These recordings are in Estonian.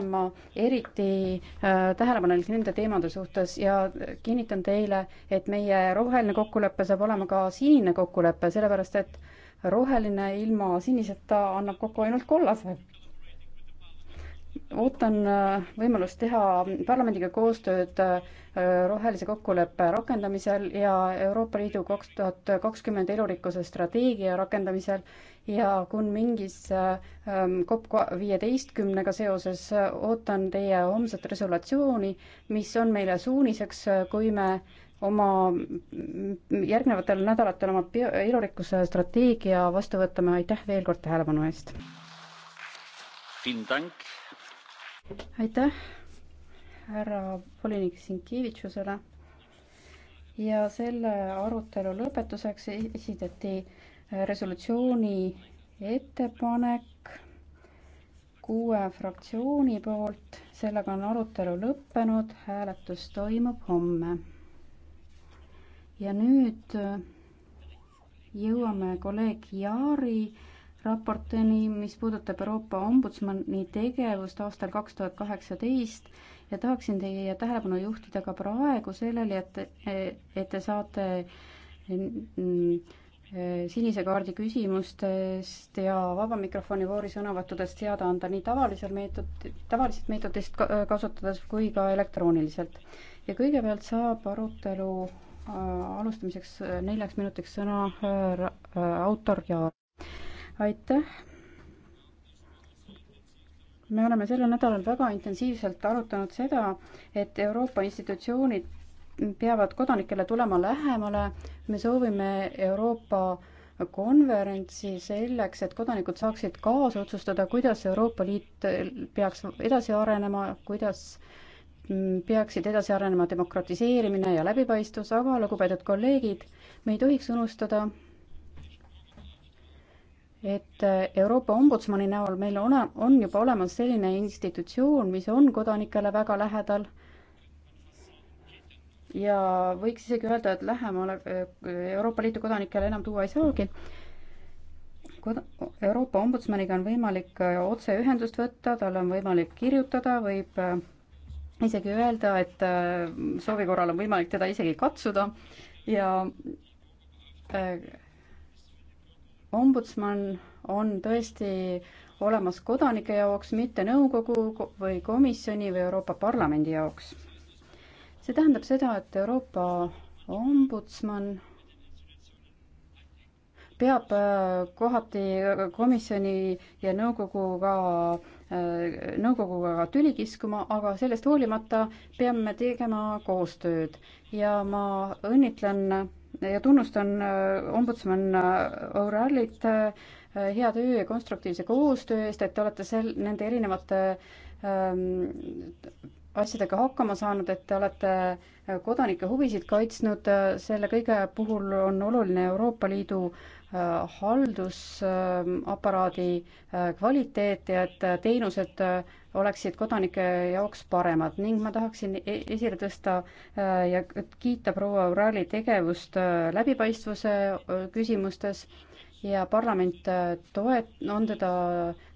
olema eriti äh, tähelepanelik nende teemade suhtes ja kinnitan teile, et meie roheline kokkulepe saab olema ka sinine kokkulepe, sellepärast et roheline ilma siniseta annab kokku ainult kollase ootan äh, võimalust teha parlamendiga koostööd äh, rohelise kokkuleppe rakendamisel ja Euroopa Liidu kaks tuhat kakskümmend elurikkuse strateegia rakendamisel ja kun mingis äh, ähm, COP viieteistkümnega seoses ootan teie homset resolutsiooni, mis on meile suuniseks, kui me oma mm, järgnevatel nädalatel oma elurikkuse strateegia vastu võtame, aitäh veel kord tähelepanu eest! aitäh härra volinik Sinkivitsusele ja selle arutelu lõpetuseks esitati resolutsiooni ettepanek kuue fraktsiooni poolt, sellega on arutelu lõppenud, hääletus toimub homme. ja nüüd jõuame kolleeg Jaari raportini, mis puudutab Euroopa Ombudsmani tegevust aastal kaks tuhat kaheksateist ja tahaksin teie tähelepanu juhtida ka praegu sellele, et, et te saate sinise kaardi küsimustest ja vaba mikrofoni voori sõnavõttudest teada anda nii tavalisel meetod, tavalisest meetodist kasutades kui ka elektrooniliselt. ja kõigepealt saab arutelu äh, alustamiseks neljaks minutiks sõna äh, äh, autor ja aitäh! me oleme sellel nädalal väga intensiivselt arutanud seda, et Euroopa institutsioonid peavad kodanikele tulema lähemale, me soovime Euroopa konverentsi selleks, et kodanikud saaksid kaasa otsustada, kuidas Euroopa Liit peaks edasi arenema, kuidas peaksid edasi arenema demokratiseerimine ja läbipaistvus, aga lugupeetud kolleegid, me ei tohiks unustada, et äh, Euroopa Ombudsmani näol meil on, on juba olemas selline institutsioon, mis on kodanikele väga lähedal ja võiks isegi öelda, et lähemale äh, Euroopa Liidu kodanikele enam tuua ei saagi. Kod-, Euroopa Ombudsmaniga on võimalik äh, otseühendust võtta, talle on võimalik kirjutada, võib isegi öelda, et soovi korral on võimalik teda isegi katsuda ja ombudsman on tõesti olemas kodanike jaoks, mitte nõukogu või komisjoni või Euroopa Parlamendi jaoks. see tähendab seda, et Euroopa ombudsman peab äh, kohati komisjoni ja nõukoguga, äh, nõukoguga ka tüli kiskuma, aga sellest hoolimata peame tegema koostööd ja ma õnnitlen ja tunnustan äh, ombudsman äh, O'Reillyt äh, hea töö ja konstruktiivse koostöö eest, et te olete sel-, nende erinevate ähm, asjadega hakkama saanud, et te olete kodanike huvisid kaitsnud, selle kõige puhul on oluline Euroopa Liidu äh, Äh, haldusaparaadi äh, kvaliteeti, et äh, teenused oleksid kodanike jaoks paremad ning ma tahaksin e-, esile tõsta ja kiita proua Urali tegevust läbipaistvuse küsimustes ja parlament äh, toet-, on teda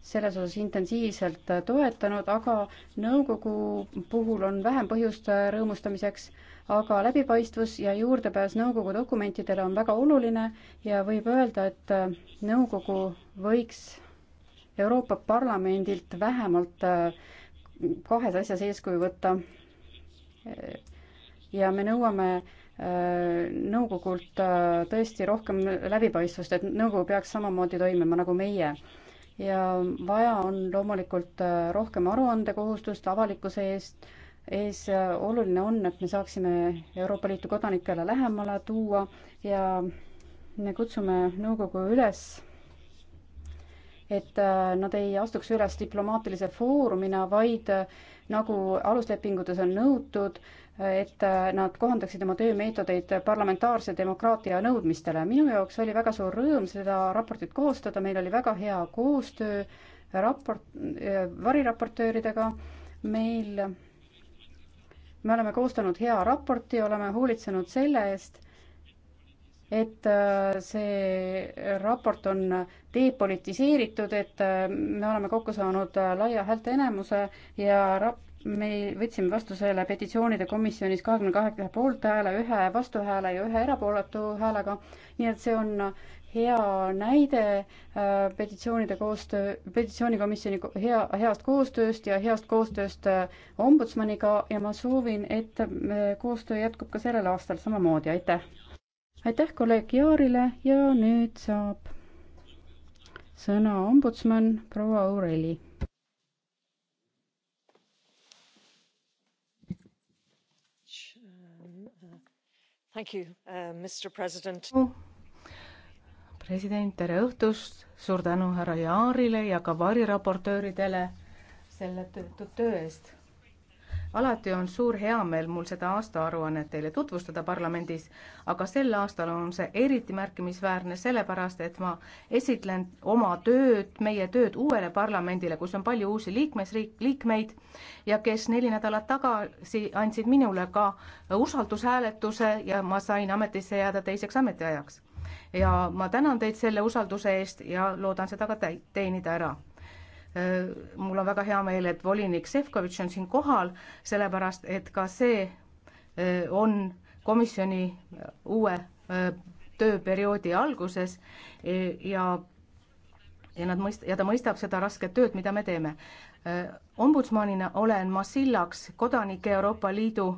selles osas intensiivselt äh, toetanud, aga nõukogu puhul on vähem põhjust äh, rõõmustamiseks, aga läbipaistvus ja juurdepääs nõukogu dokumentidele on väga oluline ja võib öelda, et nõukogu võiks Euroopa Parlamendilt vähemalt kahes asjas eeskuju võtta. ja me nõuame äh, nõukogult äh, tõesti rohkem läbipaistvust, et nõukogu peaks samamoodi toimima nagu meie. ja vaja on loomulikult äh, rohkem aruandekohustust avalikkuse eest, ees oluline on, et me saaksime Euroopa Liitu kodanikele lähemale tuua ja me kutsume nõukogu üles et äh, nad ei astuks üles diplomaatilise foorumina, vaid nagu aluslepingutes on nõutud, et äh, nad kohandaksid oma töömeetodeid parlamentaarse demokraatia nõudmistele. minu jaoks oli väga suur rõõm seda raportit koostada, meil oli väga hea koostöö raport, äh, variraportööridega, meil, me oleme koostanud hea raporti, oleme hoolitsenud selle eest, et äh, see raport on depolitiseeritud, et me oleme kokku saanud laia häälteenamuse ja rap-, me võtsime vastu selle petitsioonide komisjonis kahekümne kaheksa poolthääle, ühe vastuhääle ja ühe erapooletu häälega. nii et see on hea näide äh, petitsioonide koostöö, petitsioonikomisjoni hea, heast koostööst ja heast koostööst äh, ombudsmaniga ja ma soovin, et äh, koostöö jätkub ka sellel aastal samamoodi, aitäh! aitäh kolleeg Jaarile ja nüüd saab sõna ombudsman proua Aureli Uh, president. president, tere õhtust, suur tänu härra Jaarile ja ka variraportööridele selle töö eest alati on suur heameel mul seda aastaaruannet teile tutvustada parlamendis, aga sel aastal on see eriti märkimisväärne, sellepärast et ma esitlen oma tööd, meie tööd uuele parlamendile, kus on palju uusi liikmesriik, liikmeid ja kes neli nädalat tagasi andsid minule ka usaldushääletuse ja ma sain ametisse jääda teiseks ametiajaks. ja ma tänan teid selle usalduse eest ja loodan seda ka teenida ära Äh, mul on väga hea meel, et volinik Sefkovitš on siin kohal, sellepärast et ka see äh, on komisjoni äh, uue tööperioodi alguses ja ja nad mõist-, ja ta mõistab seda rasket tööd, mida me teeme. Ombudsmanina olen ma sillaks kodanike Euroopa Liidu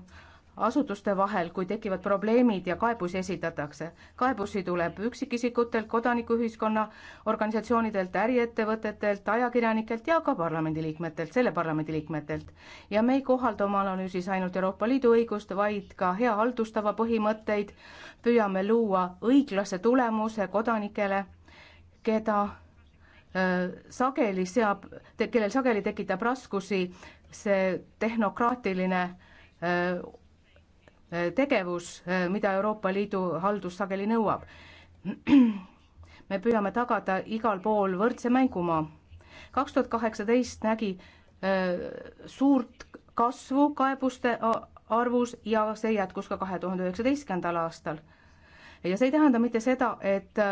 asutuste vahel, kui tekivad probleemid ja kaebusi esitatakse. kaebusi tuleb üksikisikutelt, kodanikuühiskonna organisatsioonidelt, äriettevõtetelt, ajakirjanikelt ja ka parlamendiliikmetelt, selle parlamendiliikmetelt. ja me ei kohalda oma analüüsis ainult Euroopa Liidu õigust, vaid ka hea haldustava põhimõtteid, püüame luua õiglase tulemuse kodanikele, keda äh, sageli seab, kellel sageli tekitab raskusi see tehnokraatiline äh, Äh, tegevus, äh, mida Euroopa Liidu haldus sageli nõuab. me püüame tagada igal pool võrdse mängumaa. kaks tuhat kaheksateist nägi äh, suurt kasvu kaebuste arvus ja see jätkus ka kahe tuhande üheksateistkümnendal aastal. ja see ei tähenda mitte seda, et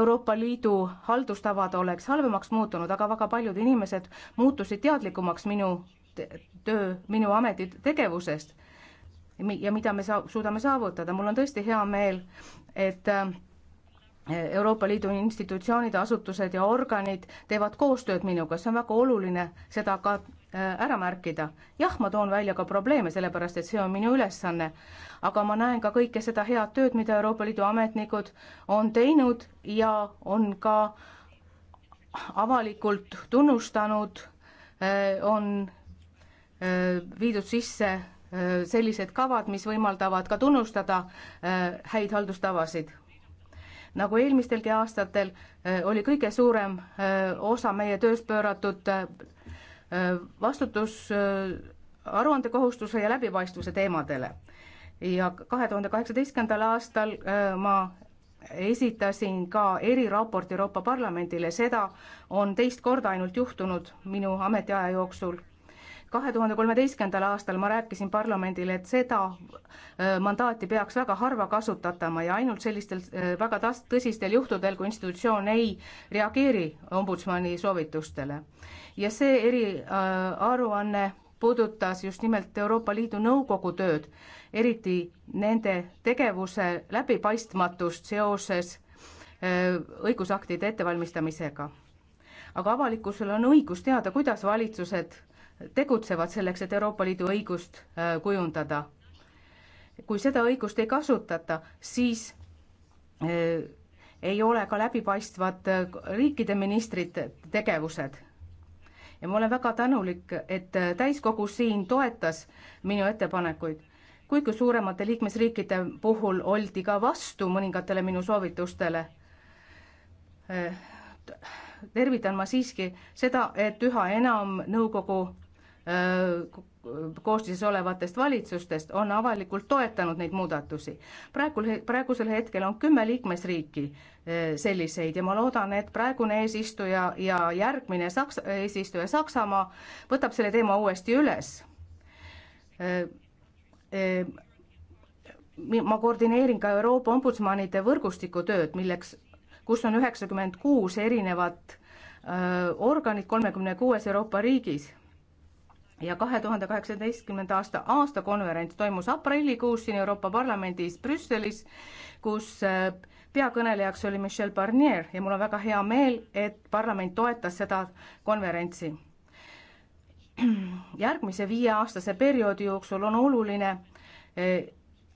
Euroopa Liidu haldustavad oleks halvemaks muutunud, aga väga paljud inimesed muutusid teadlikumaks minu töö, minu ameti tegevusest ja mida me saa-, suudame saavutada, mul on tõesti hea meel, et äh, Euroopa Liidu institutsioonid, asutused ja organid teevad koostööd minuga, see on väga oluline seda ka äh, ära märkida. jah, ma toon välja ka probleeme, sellepärast et see on minu ülesanne, aga ma näen ka kõike seda head tööd, mida Euroopa Liidu ametnikud on teinud ja on ka avalikult tunnustanud, äh, on viidud sisse Äh, sellised kavad, mis võimaldavad ka tunnustada äh, häid haldustavasid. nagu eelmistelgi aastatel, äh, oli kõige suurem osa meie tööst pööratud vastutus aruandekohustuse ja läbipaistvuse teemadele. ja kahe tuhande kaheksateistkümnendal aastal ma esitasin ka eriraporti Euroopa Parlamendile, seda on teist korda ainult juhtunud minu ametiaja jooksul kahe tuhande kolmeteistkümnendal aastal ma rääkisin parlamendile, et seda äh, mandaati peaks väga harva kasutatama ja ainult sellistel äh, väga tõsistel juhtudel, kui institutsioon ei reageeri ombudsmani soovitustele. ja see eriaruanne äh, puudutas just nimelt Euroopa Liidu Nõukogu tööd, eriti nende tegevuse läbipaistmatust seoses õigusaktide ettevalmistamisega. aga avalikkusel on õigus teada, kuidas valitsused tegutsevad selleks, et Euroopa Liidu õigust äh, kujundada. kui seda õigust ei kasutata, siis äh, ei ole ka läbipaistvad äh, riikide ministrite tegevused. ja ma olen väga tänulik, et täiskogu siin toetas minu ettepanekuid, kuid kui suuremate liikmesriikide puhul oldi ka vastu mõningatele minu soovitustele, tervitan ma siiski seda, et üha enam nõukogu Äh, koostises olevatest valitsustest on avalikult toetanud neid muudatusi. praegu, praegusel hetkel on kümme liikmesriiki äh, selliseid ja ma loodan, et praegune eesistuja ja järgmine Saks-, eesistuja Saksamaa võtab selle teema uuesti üles. Äh, ma koordineerin ka Euroopa ombudsmanide võrgustiku tööd, milleks, kus on üheksakümmend kuus erinevat organit kolmekümne kuues Euroopa riigis ja kahe tuhande kaheksateistkümnenda aasta aastakonverents toimus aprillikuus siin Euroopa Parlamendis Brüsselis, kus äh, peakõnelejaks oli Michel Barnier ja mul on väga hea meel, et parlament toetas seda konverentsi. järgmise viieaastase perioodi jooksul on oluline äh,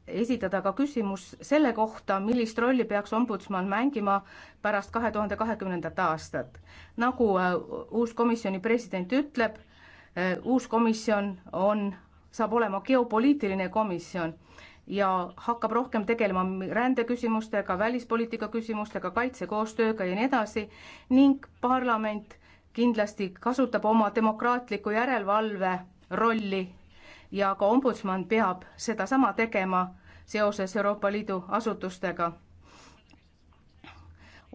esitada ka küsimus selle kohta, millist rolli peaks ombudsman mängima pärast kahe tuhande kahekümnendat aastat. nagu äh, uus komisjoni president ütleb, Äh, uus komisjon on, saab olema geopoliitiline komisjon ja hakkab rohkem tegelema rändeküsimustega, välispoliitika küsimustega, kaitsekoostööga ja nii edasi ning parlament kindlasti kasutab oma demokraatliku järelevalve rolli ja ka ombudsman peab sedasama tegema seoses Euroopa Liidu asutustega.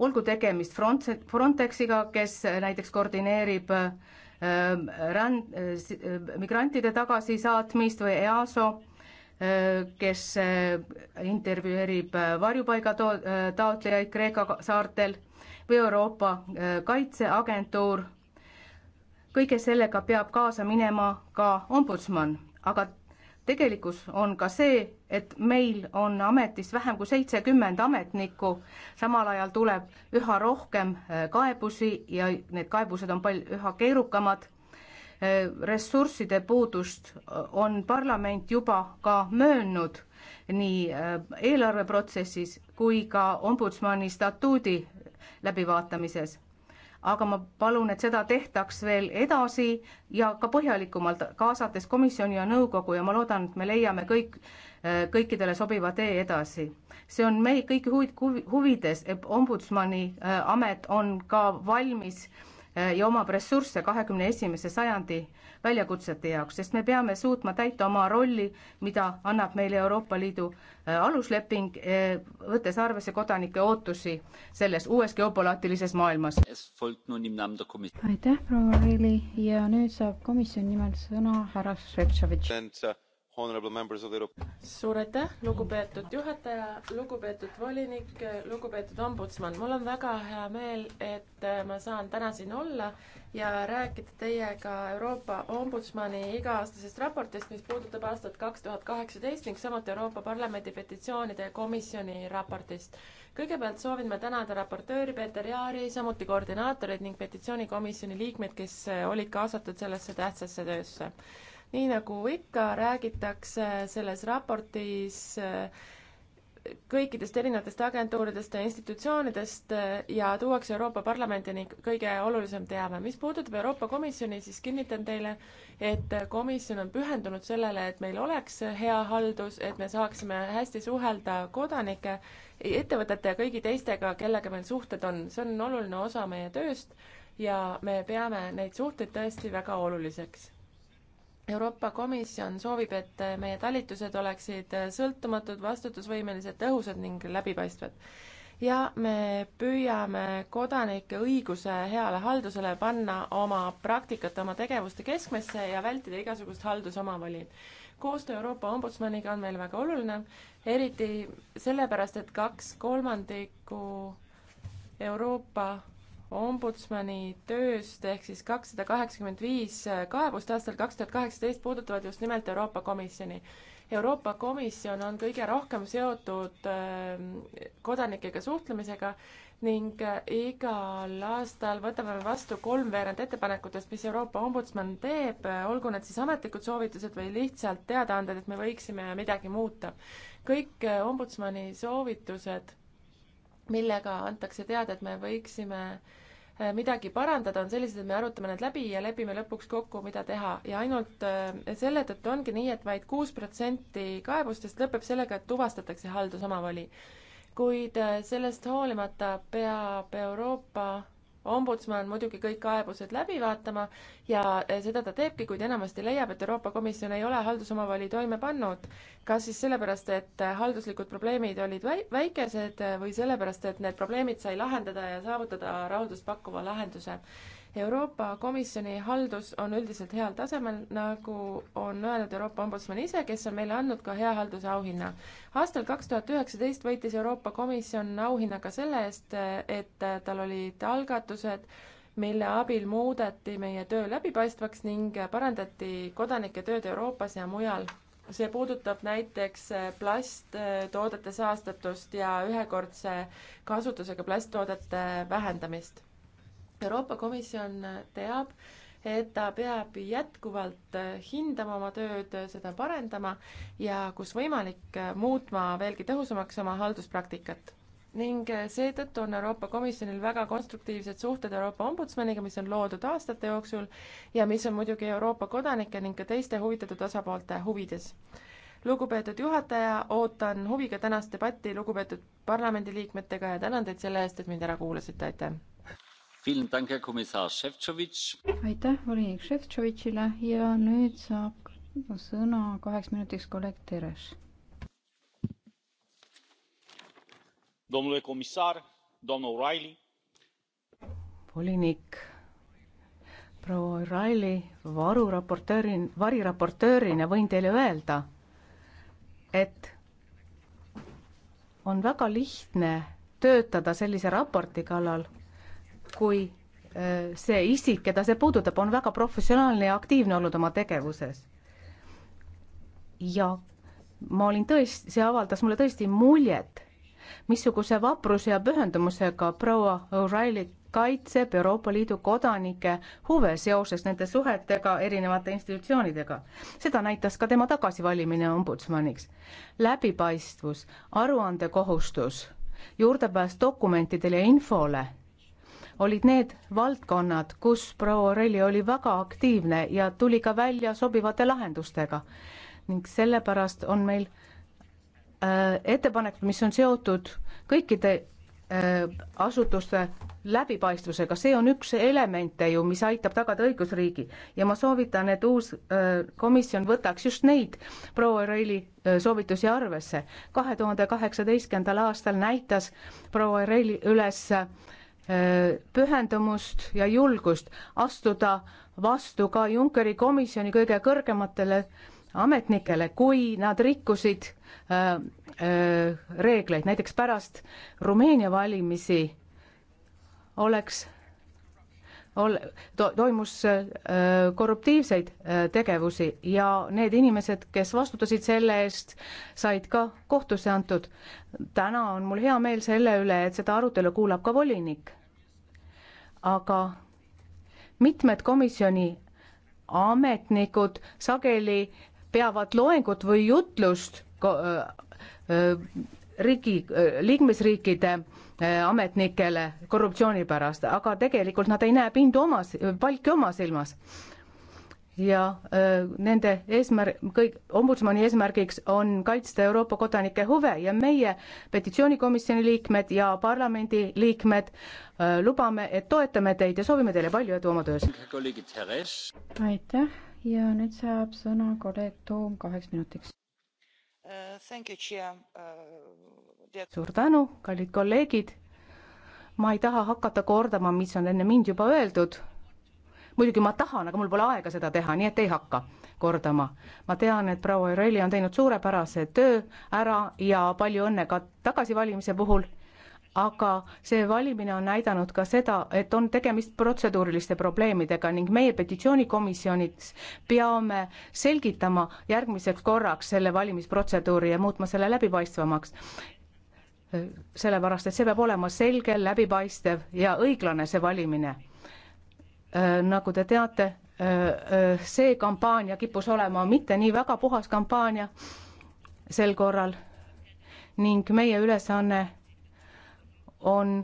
olgu tegemist Frontexiga, kes näiteks koordineerib äh, Ähm, ränd-, äh, migrantide tagasisaatmist või EASO, äh, kes äh, intervjueerib varjupaiga taotlejaid Kreeka saartel või Euroopa Kaitseagentuur. kõige sellega peab kaasa minema ka ombudsman, aga tegelikkus on ka see, et meil on ametis vähem kui seitsekümmend ametnikku, samal ajal tuleb üha rohkem äh, kaebusi ja need kaebused on pal-, üha keerukamad, äh, ressursside puudust äh, on parlament juba ka möönnud nii eelarveprotsessis kui ka ombudsmani statuudi läbivaatamises aga ma palun, et seda tehtaks veel edasi ja ka põhjalikumalt, kaasates komisjoni ja nõukogu ja ma loodan, et me leiame kõik, äh, kõikidele sobiva tee edasi. see on meie kõigi huvid, huvides, et ombudsmani äh, amet on ka valmis äh, Äh, ja omab ressursse kahekümne esimese sajandi väljakutsete jaoks, sest me peame suutma täita oma rolli, mida annab meile Euroopa Liidu äh, alusleping, äh, võttes arvesse kodanike ootusi selles uues geopoliitilises maailmas. aitäh, proua Reili ja nüüd saab komisjoni nimel sõna härra Šefčovitš suur aitäh, lugupeetud juhataja, lugupeetud volinik, lugupeetud ombudsman, mul on väga hea meel, et äh, ma saan täna siin olla ja rääkida teiega Euroopa ombudsmani iga-aastasest raportist, mis puudutab aastat kaks tuhat kaheksateist ning samuti Euroopa Parlamendi petitsioonide komisjoni raportist. kõigepealt soovin ma tänada raportööri Peeter Jaari, samuti koordinaatoreid ning petitsioonikomisjoni liikmeid, kes äh, olid kaasatud sellesse tähtsasse töösse nii nagu ikka, räägitakse selles raportis äh, kõikidest erinevatest agentuuridest ja institutsioonidest äh, ja tuuakse Euroopa Parlamendini kõige olulisem teave. mis puudutab Euroopa Komisjoni, siis kinnitan teile, et komisjon on pühendunud sellele, et meil oleks hea haldus, et me saaksime hästi suhelda kodanike, ettevõtete ja kõigi teistega, kellega meil suhted on. see on oluline osa meie tööst ja me peame neid suhteid tõesti väga oluliseks Euroopa Komisjon soovib, et meie talitused oleksid sõltumatud, vastutusvõimelised, tõhusad ning läbipaistvad. ja me püüame kodanike õiguse heale haldusele panna oma praktikat, oma tegevuste keskmesse ja vältida igasugust haldusomavoli. koostöö Euroopa Ombudsmaniga on meil väga oluline, eriti sellepärast, et kaks kolmandikku Euroopa ombudsmani tööst ehk siis kakssada kaheksakümmend viis kaebust aastal kaks tuhat kaheksateist puudutavad just nimelt Euroopa Komisjoni. Euroopa Komisjon on kõige rohkem seotud ähm, kodanikega suhtlemisega ning äh, igal aastal võtame vastu kolmveerand ettepanekutest, mis Euroopa Ombudsman teeb, äh, olgu need siis ametlikud soovitused või lihtsalt teadaanded, et me võiksime midagi muuta. kõik äh, Ombudsmani soovitused, millega antakse teada, et me võiksime äh, Äh, midagi parandada, on sellised, et me arutame need läbi ja lepime lõpuks kokku, mida teha. ja ainult äh, selle tõttu ongi nii, et vaid kuus protsenti kaebustest lõpeb sellega, et tuvastatakse haldusomavoli. kuid äh, sellest hoolimata peab Euroopa ombudsman muidugi kõik kaebused läbi vaatama ja eh, seda ta teebki, kuid enamasti leiab, et Euroopa Komisjon ei ole haldusomavoli toime pannud. kas siis sellepärast, et eh, halduslikud probleemid olid väikesed eh, või sellepärast, et need probleemid sai lahendada ja saavutada rahulduspakkuva lahenduse. Euroopa Komisjoni haldus on üldiselt heal tasemel, nagu on öelnud Euroopa Ombudsman ise, kes on meile andnud ka hea halduse auhinna. aastal kaks tuhat üheksateist võitis Euroopa Komisjon auhinna ka selle eest, et tal olid algatused, mille abil muudeti meie töö läbipaistvaks ning parandati kodanike tööd Euroopas ja mujal. see puudutab näiteks plasttoodete saastatust ja ühekordse kasutusega plasttoodete vähendamist Euroopa Komisjon teab, et ta peab jätkuvalt hindama oma tööd, seda parendama ja kus võimalik, muutma veelgi tõhusamaks oma halduspraktikat. ning seetõttu on Euroopa Komisjonil väga konstruktiivsed suhted Euroopa Ombudsmaniga, mis on loodud aastate jooksul ja mis on muidugi Euroopa kodanike ning ka teiste huvitatud osapoolte huvides lugupeetud juhataja, ootan huviga tänast debatti lugupeetud parlamendiliikmetega ja tänan teid selle eest, et mind ära kuulasite, aitäh! aitäh volinik Šefčovitšile ja nüüd saab sõna kaheks minutiks kolleeg Teres. domnule komissar, domnul Raili. volinik proua Raili varuraportöörin, variraportöörina võin teile öelda, et on väga lihtne töötada sellise raporti kallal kui äh, see isik, keda see puudutab, on väga professionaalne ja aktiivne olnud oma tegevuses. ja ma olin tõesti, see avaldas mulle tõesti muljet, missuguse vapruse ja pühendumusega proua O'Reilly kaitseb Euroopa Liidu kodanike huve seoses nende suhetega erinevate institutsioonidega. seda näitas ka tema tagasivalimine ombudsmaniks. läbipaistvus, aruandekohustus, juurdepääs dokumentidele ja infole olid need valdkonnad, kus proua Orelli oli väga aktiivne ja tuli ka välja sobivate lahendustega. ning sellepärast on meil äh, ettepanek, mis on seotud kõikide äh, asutuste läbipaistvusega, see on üks elemente ju, mis aitab tagada õigusriigi ja ma soovitan, et uus äh, komisjon võtaks just neid proua Reili äh, soovitusi arvesse. kahe tuhande kaheksateistkümnendal aastal näitas proua Reili üles äh, Äh, pühendumust ja julgust astuda vastu ka Junckeri komisjoni kõige kõrgematele ametnikele, kui nad rikkusid äh, äh, reegleid, näiteks pärast Rumeenia valimisi oleks ol-, to-, toimus äh, korruptiivseid äh, tegevusi ja need inimesed, kes vastutasid selle eest, said ka kohtusse antud. täna on mul hea meel selle üle, et seda arutelu kuulab ka volinik. aga mitmed komisjoni ametnikud sageli peavad loengut või jutlust äh, riigi, liikmesriikide Äh, ametnikele korruptsiooni pärast, aga tegelikult nad ei näe pindu omas, palki oma silmas. ja öö, äh, nende eesmärk, kõik, ombudsmani eesmärgiks on kaitsta Euroopa kodanike huve ja meie petitsioonikomisjoni liikmed ja parlamendi liikmed öö, äh, lubame, et toetame teid ja soovime teile palju edu oma töös. aitäh ja nüüd saab sõna kolleeg Toom kaheks minutiks uh,. Thank you, Chair uh suur tänu, kallid kolleegid. ma ei taha hakata kordama, mis on enne mind juba öeldud. muidugi ma tahan, aga mul pole aega seda teha, nii et ei hakka kordama. ma tean, et proua Jüreli on teinud suurepärase töö ära ja palju õnne ka tagasivalimise puhul aga see valimine on näidanud ka seda, et on tegemist protseduuriliste probleemidega ning meie petitsioonikomisjoniks peame selgitama järgmiseks korraks selle valimisprotseduuri ja muutma selle läbipaistvamaks sellepärast et see peab olema selge, läbipaistev ja õiglane, see valimine. Äh, nagu te teate, äh, äh, see kampaania kippus olema mitte nii väga puhas kampaania sel korral ning meie ülesanne on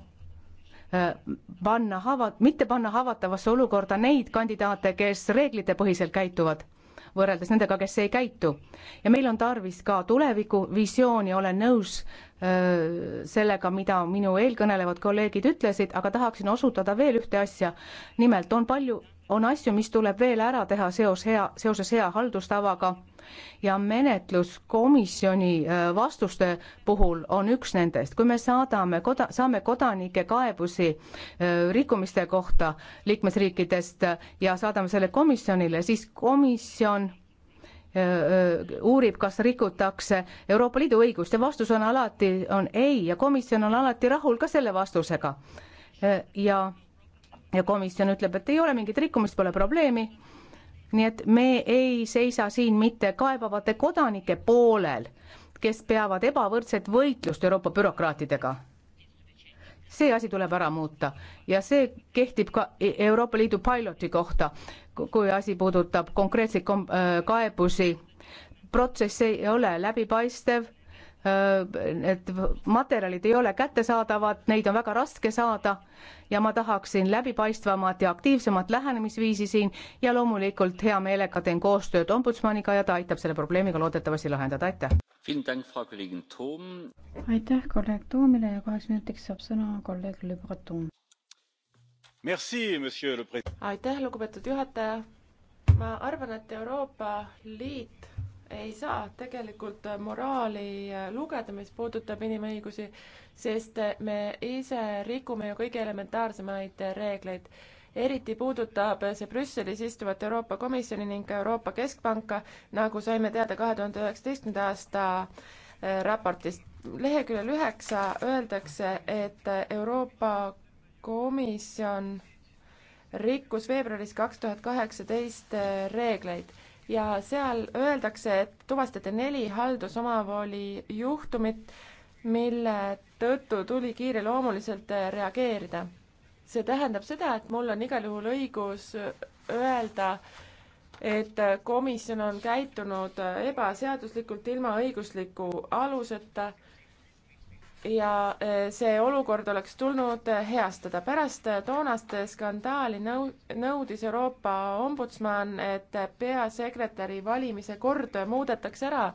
panna haava, mitte panna haavatavasse olukorda neid kandidaate, kes reeglitepõhiselt käituvad võrreldes nendega, kes ei käitu. ja meil on tarvis ka tulevikuvisiooni, olen nõus öö, sellega, mida minu eelkõnelevad kolleegid ütlesid, aga tahaksin osutada veel ühte asja. nimelt on palju on asju, mis tuleb veel ära teha seos hea, seoses hea haldustavaga ja menetluskomisjoni äh, vastuste puhul on üks nendest. kui me saadame koda-, saame kodanike kaebusi äh, rikkumiste kohta liikmesriikidest äh, ja saadame selle komisjonile, siis komisjon uurib, kas rikutakse Euroopa Liidu õigust ja vastus on alati, on ei ja komisjon on alati rahul ka selle vastusega. ja ja komisjon ütleb, et ei ole mingit rikkumist, pole probleemi. nii et me ei seisa siin mitte kaebavate kodanike poolel, kes peavad ebavõrdset võitlust Euroopa bürokraatidega. see asi tuleb ära muuta ja see kehtib ka e- Euroopa Liidu piloti kohta, kui asi puudutab konkreetseid äh, kaebusi. protsess ei ole läbipaistev need äh, materjalid ei ole kättesaadavad, neid on väga raske saada ja ma tahaksin läbipaistvamat ja aktiivsemat lähenemisviisi siin ja loomulikult hea meelega teen koostööd ombudsmaniga ja ta aitab selle probleemiga loodetavasti lahendada, aitäh. aitäh kolleeg Toomile ja kaheks minutiks saab sõna kolleeg Le Breton. aitäh, lugupeetud juhataja. ma arvan, et Euroopa Liit ei saa tegelikult äh, moraali äh, lugeda, mis puudutab inimõigusi, sest äh, me ise rikume ju kõige elementaarsemaid reegleid. eriti puudutab see Brüsselis istuvat Euroopa Komisjoni ning Euroopa Keskpanka, nagu saime teada kahe tuhande üheksateistkümnenda aasta raportist. leheküljel üheksa öeldakse, et Euroopa Komisjon rikkus veebruaris kaks tuhat kaheksateist reegleid ja seal öeldakse, et tuvastati neli haldusomavoli juhtumit, mille tõttu tuli kiireloomuliselt äh, reageerida. see tähendab seda, et mul on igal juhul õigus öelda, et äh, komisjon on käitunud äh, ebaseaduslikult ilma õigusliku aluseta ja äh, see olukord oleks tulnud äh, heastada. pärast äh, toonast skandaali nõu-, nõudis Euroopa ombudsman, et peasekretäri valimise kord muudetakse ära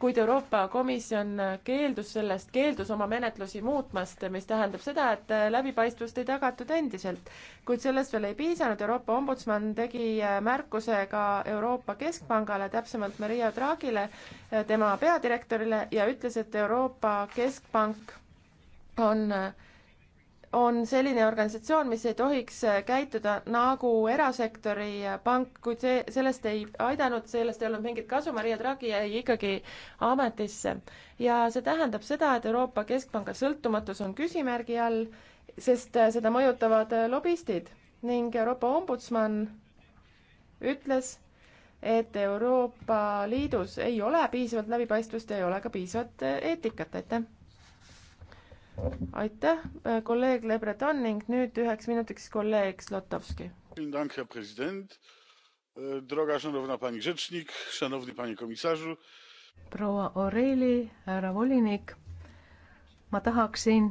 kuid Euroopa Komisjon keeldus sellest, keeldus oma menetlusi muutmast, mis tähendab seda, et läbipaistvust ei tagatud endiselt. kuid sellest veel ei piisanud, Euroopa ombudsman tegi äh, märkuse ka Euroopa Keskpangale, täpsemalt Maria Draghile, äh, tema peadirektorile ja ütles, et Euroopa Keskpank on äh, on selline organisatsioon, mis ei tohiks äh, käituda nagu erasektori äh, pank, kuid see, sellest ei aidanud, sellest ei olnud mingit kasu, Maria Draghi jäi ikkagi ametisse. ja see tähendab seda, et Euroopa Keskpanga sõltumatus on küsimärgi all, sest äh, seda mõjutavad lobistid ning Euroopa ombudsman ütles, et Euroopa Liidus ei ole piisavalt läbipaistvust ja ei ole ka piisavat eetikat, aitäh! aitäh, äh, kolleeg Le Breton ning nüüd üheks minutiks kolleeg Zlatovski. Äh, proua Oreli, härra volinik, ma tahaksin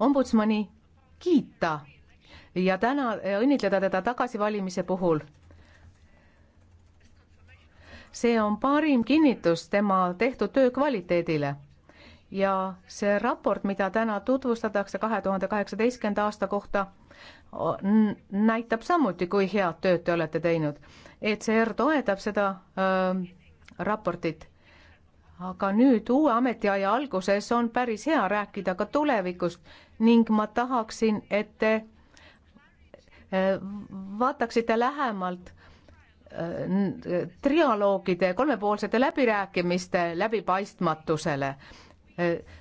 ombudsmani kiita ja täna äh, õnnitleda teda tagasivalimise puhul. see on parim kinnitus tema tehtud töö kvaliteedile ja see raport, mida täna tutvustatakse kahe tuhande kaheksateistkümnenda aasta kohta, näitab samuti, kui head tööd te olete teinud. ECR toetab seda äh, raportit. aga nüüd uue ametiaja alguses on päris hea rääkida ka tulevikust ning ma tahaksin, et te äh, vaataksite lähemalt trialoogide, kolmepoolsete läbirääkimiste läbipaistmatusele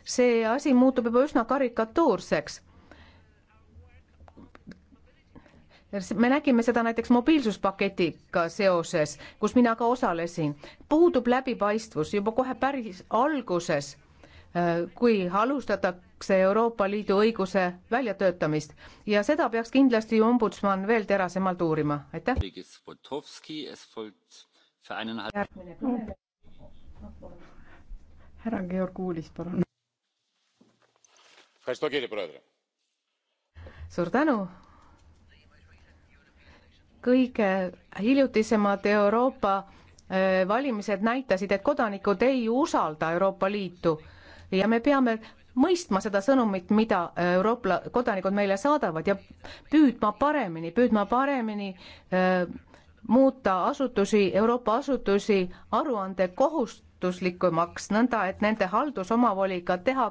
see asi muutub juba üsna karikatuurseks. me nägime seda näiteks mobiilsuspaketiga seoses, kus mina ka osalesin. puudub läbipaistvus juba kohe päris alguses, kui alustatakse Euroopa Liidu õiguse väljatöötamist ja seda peaks kindlasti ombudsman veel terasemalt uurima, aitäh. järgmine kõne härra Georgulis, palun. suur tänu kõige hiljutisemad Euroopa äh, valimised näitasid, et kodanikud ei usalda Euroopa Liitu ja me peame mõistma seda sõnumit, mida Euroopa kodanikud meile saadavad ja püüdma paremini, püüdma paremini äh, muuta asutusi, Euroopa asutusi aruandekohust-, väärtuslikumaks, nõnda et nende haldusomavoliga teha,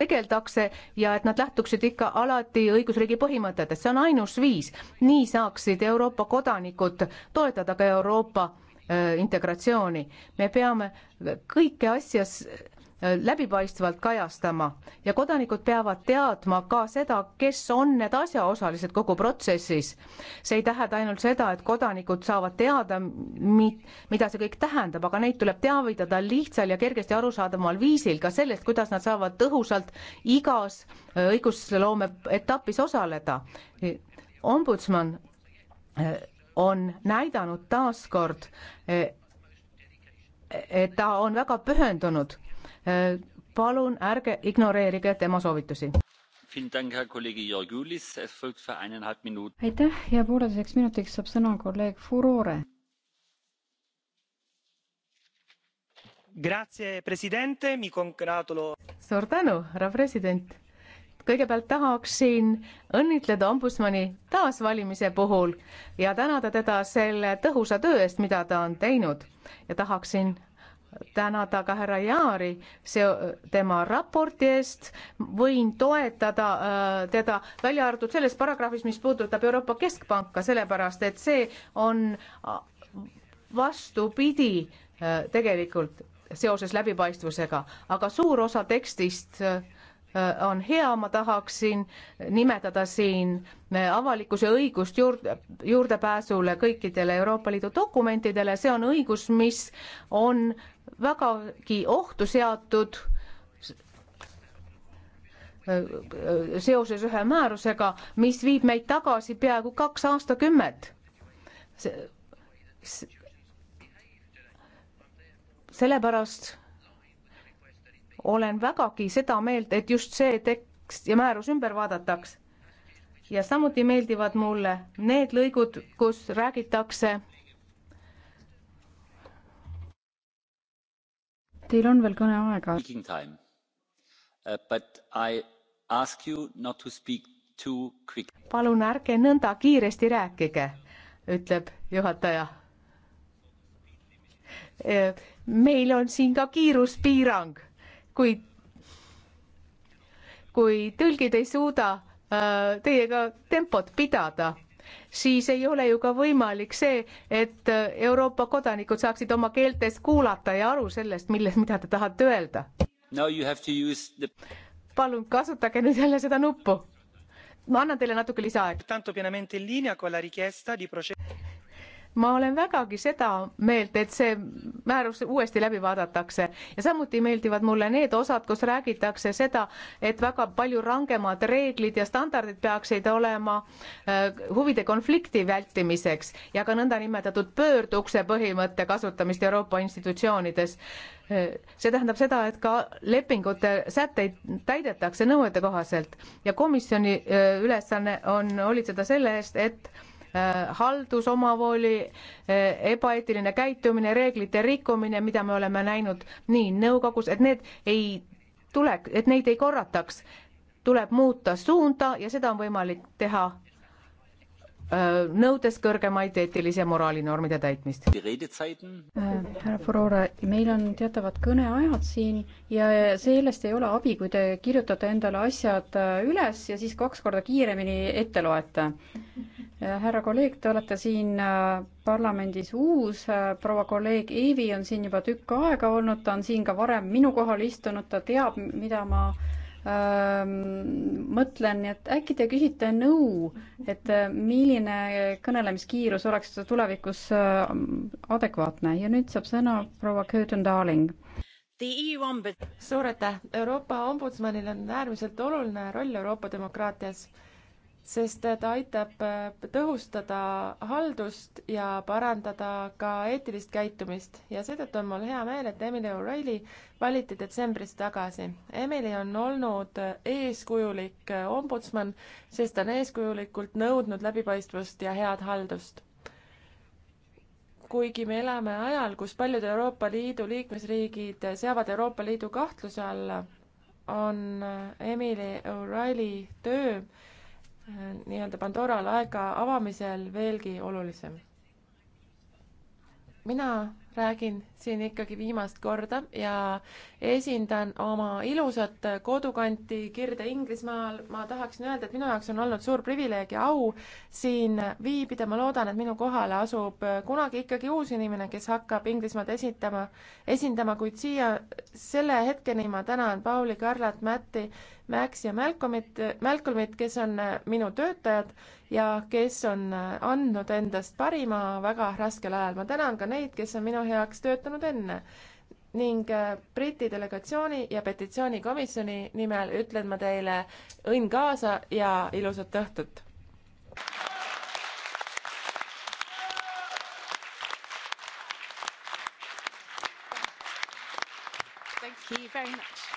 tegeldakse ja et nad lähtuksid ikka alati õigusriigi põhimõtetest, see on ainus viis. nii saaksid Euroopa kodanikud toetada ka Euroopa äh, integratsiooni. me peame kõiki asju Äh, läbipaistvalt kajastama ja kodanikud peavad teadma ka seda, kes on need asjaosalised kogu protsessis. see ei tähenda ainult seda, et kodanikud saavad teada, mida see kõik tähendab, aga neid tuleb teavitada lihtsal ja kergesti arusaadaval viisil ka sellest, kuidas nad saavad tõhusalt igas äh, õigusloome etapis osaleda. E, ombudsman äh, on näidanud taaskord, e, et ta on väga pühendunud palun ärge ignoreerige tema soovitusi. aitäh ja pooleteiseks minutiks saab sõna kolleeg Furore. suur tänu, härra president kõigepealt tahaksin õnnitleda ombudsmani taasvalimise puhul ja tänada teda selle tõhusa töö eest, mida ta on teinud ja tahaksin tänada ka härra Jaari see, tema raporti eest, võin toetada äh, teda, välja arvatud selles paragrahvis, mis puudutab Euroopa Keskpanka, sellepärast et see on äh, vastupidi äh, tegelikult seoses läbipaistvusega, aga suur osa tekstist äh, Äh, on hea, ma tahaksin nimetada siin äh, avalikkuse õigust juurde, juurdepääsule kõikidele Euroopa Liidu dokumentidele, see on õigus, mis on vägagi ohtu seatud äh, seoses ühe määrusega, mis viib meid tagasi peaaegu kaks aastakümmet. sellepärast olen vägagi seda meelt, et just see tekst ja määrus ümber vaadataks. ja samuti meeldivad mulle need lõigud, kus räägitakse Teil on veel kõneaega. Uh, palun ärge nõnda kiiresti rääkige, ütleb juhataja. Uh, meil on siin ka kiiruspiirang kui, kui tõlgid ei suuda äh, teiega tempot pidada, siis ei ole ju ka võimalik see, et äh, Euroopa kodanikud saaksid oma keeltes kuulata ja aru sellest, milles, mida te tahate öelda. The... palun kasutage nüüd jälle seda nuppu. ma annan teile natuke lisaaega ma olen vägagi seda meelt, et see määrus uuesti läbi vaadatakse ja samuti meeldivad mulle need osad, kus räägitakse seda, et väga palju rangemad reeglid ja standardid peaksid olema äh, huvide konflikti vältimiseks ja ka nõndanimetatud pöördukse põhimõtte kasutamist Euroopa institutsioonides. Äh, see tähendab seda, et ka lepingute sätteid täidetakse nõuete kohaselt ja komisjoni äh, ülesanne on hoolitseda selle eest, et Äh, haldusomavooli, äh, ebaeetiline käitumine, reeglite rikkumine, mida me oleme näinud nii nõukogus, et need ei tule, et neid ei korrataks, tuleb muuta suunda ja seda on võimalik teha äh, nõudes kõrgemaid eetilise moraalinormide täitmist. härra Furore, meil on teatavad kõneajad siin ja sellest ei ole abi, kui te kirjutate endale asjad üles ja siis kaks korda kiiremini ette loete härra kolleeg, te olete siin äh, parlamendis uus, äh, proua kolleeg Eivi on siin juba tükk aega olnud, ta on siin ka varem minu kohal istunud, ta teab, mida ma ähm, mõtlen, nii et äkki te küsite nõu, et äh, milline kõnelemiskiirus oleks tulevikus adekvaatne ja nüüd saab sõna proua Kööden-Darling. E suur aitäh, Euroopa ombudsmanil on äärmiselt oluline roll Euroopa demokraatias sest ta aitab äh, tõhustada haldust ja parandada ka eetilist käitumist ja seetõttu on mul hea meel, et Emily O'Reilly valiti detsembris tagasi. Emily on olnud eeskujulik äh, ombudsman, sest ta on eeskujulikult nõudnud läbipaistvust ja head haldust. kuigi me elame ajal, kus paljud Euroopa Liidu liikmesriigid seavad Euroopa Liidu kahtluse alla, on äh, Emily O'Reilly töö nii-öelda Pandora laega avamisel veelgi olulisem. mina räägin siin ikkagi viimast korda ja esindan oma ilusat kodukanti Kirde-Inglismaal. ma tahaksin öelda, et minu jaoks on olnud suur privileeg ja au siin viibida. ma loodan, et minu kohale asub kunagi ikkagi uus inimene, kes hakkab Inglismaad esitama, esindama, kuid siia, selle hetkeni ma tänan Pauli, Karlat, Mätti Max ja Malcolmit, Malcolmit, kes on äh, minu töötajad ja kes on äh, andnud endast parima väga raskel ajal. ma tänan ka neid, kes on minu heaks töötanud enne ning äh, Briti delegatsiooni ja petitsioonikomisjoni nimel ütlen ma teile õnn kaasa ja ilusat õhtut! Thank you very much.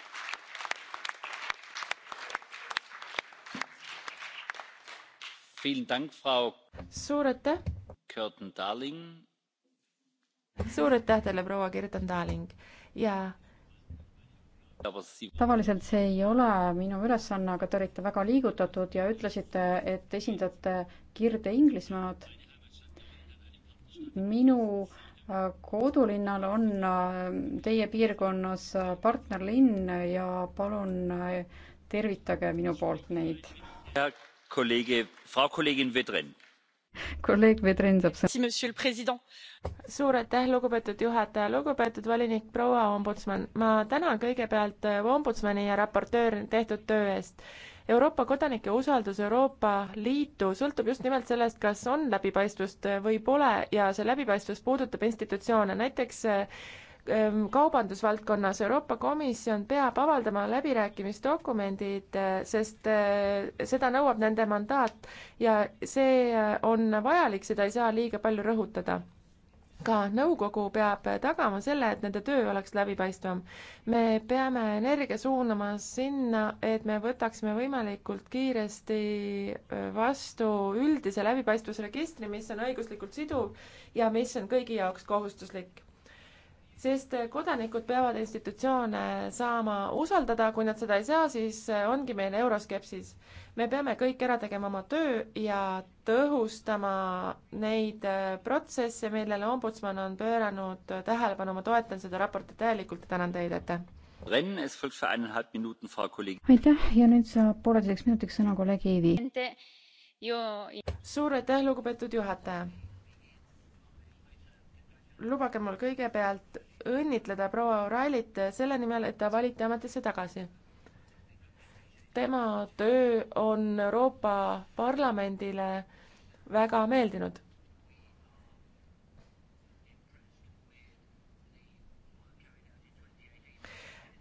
suur aitäh! suur aitäh teile, proua Kirton Darling ja tavaliselt see ei ole minu ülesanne, aga te olite väga liigutatud ja ütlesite, et esindate Kirde-Inglismaad. minu äh, kodulinnal on äh, teie piirkonnas äh, partnerlinn ja palun tervitage minu poolt neid kolleeg Vedren saab sõna. suur aitäh, lugupeetud juhataja, lugupeetud volinik proua ombudsman. ma tänan kõigepealt äh, ombudsmani ja raportööri tehtud töö eest. Euroopa kodanike usaldus Euroopa Liitu sõltub just nimelt sellest, kas on läbipaistvust äh, või pole ja see läbipaistvus puudutab institutsioone, näiteks äh, Ehm, kaubandusvaldkonnas Euroopa Komisjon peab avaldama läbirääkimisdokumendid, eh, sest eh, seda nõuab nende mandaat ja see eh, on vajalik, seda ei saa liiga palju rõhutada ka nõukogu peab tagama selle, et nende töö oleks läbipaistvam. me peame energia suunama sinna, et me võtaksime võimalikult kiiresti vastu üldise läbipaistvusregistri, mis on õiguslikult siduv ja mis on kõigi jaoks kohustuslik sest kodanikud peavad institutsioone saama usaldada, kui nad seda ei saa, siis ongi meil euroskepsis. me peame kõik ära tegema oma töö ja tõhustama neid protsesse, millele ombudsman on pööranud tähelepanu, ma toetan seda raportit täielikult ja tänan teid, aitäh! aitäh ja nüüd saab pooleteiseks minutiks sõna kolleeg Iivi. suur aitäh, lugupeetud juhataja! lubage mul kõigepealt õnnitleda proua Oralit selle nimel, et ta valiti ametisse tagasi. tema töö on Euroopa Parlamendile väga meeldinud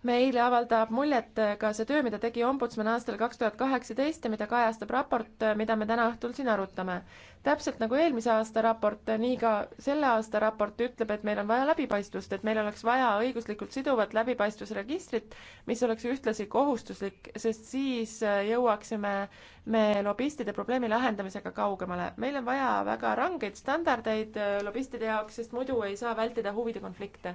meile avaldab muljet ka see töö, mida tegi ombudsman aastal kaks tuhat kaheksateist ja mida kajastab raport, mida me täna õhtul siin arutame. täpselt nagu eelmise aasta raport, nii ka selle aasta raport ütleb, et meil on vaja läbipaistvust, et meil oleks vaja õiguslikult siduvat läbipaistvusregistrit, mis oleks ühtlasi kohustuslik, sest siis jõuaksime me lobistide probleemi lahendamisega kaugemale. meil on vaja väga rangeid standardeid äh, lobistide jaoks, sest muidu ei saa vältida huvide konflikte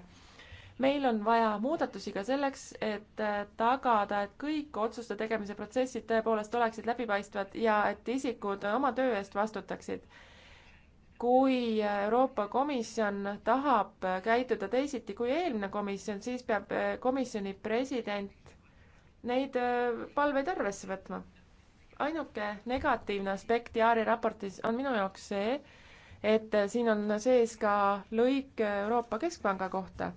meil on vaja muudatusi ka selleks, et äh, tagada, et kõik otsuste tegemise protsessid tõepoolest oleksid läbipaistvad ja et isikud oma töö eest vastutaksid kui Euroopa Komisjon tahab käituda teisiti kui eelmine komisjon, siis peab äh, komisjoni president neid äh, palveid arvesse võtma. ainuke negatiivne aspekt Jaari raportis on minu jaoks see, et siin on sees ka lõik Euroopa Keskpanga kohta.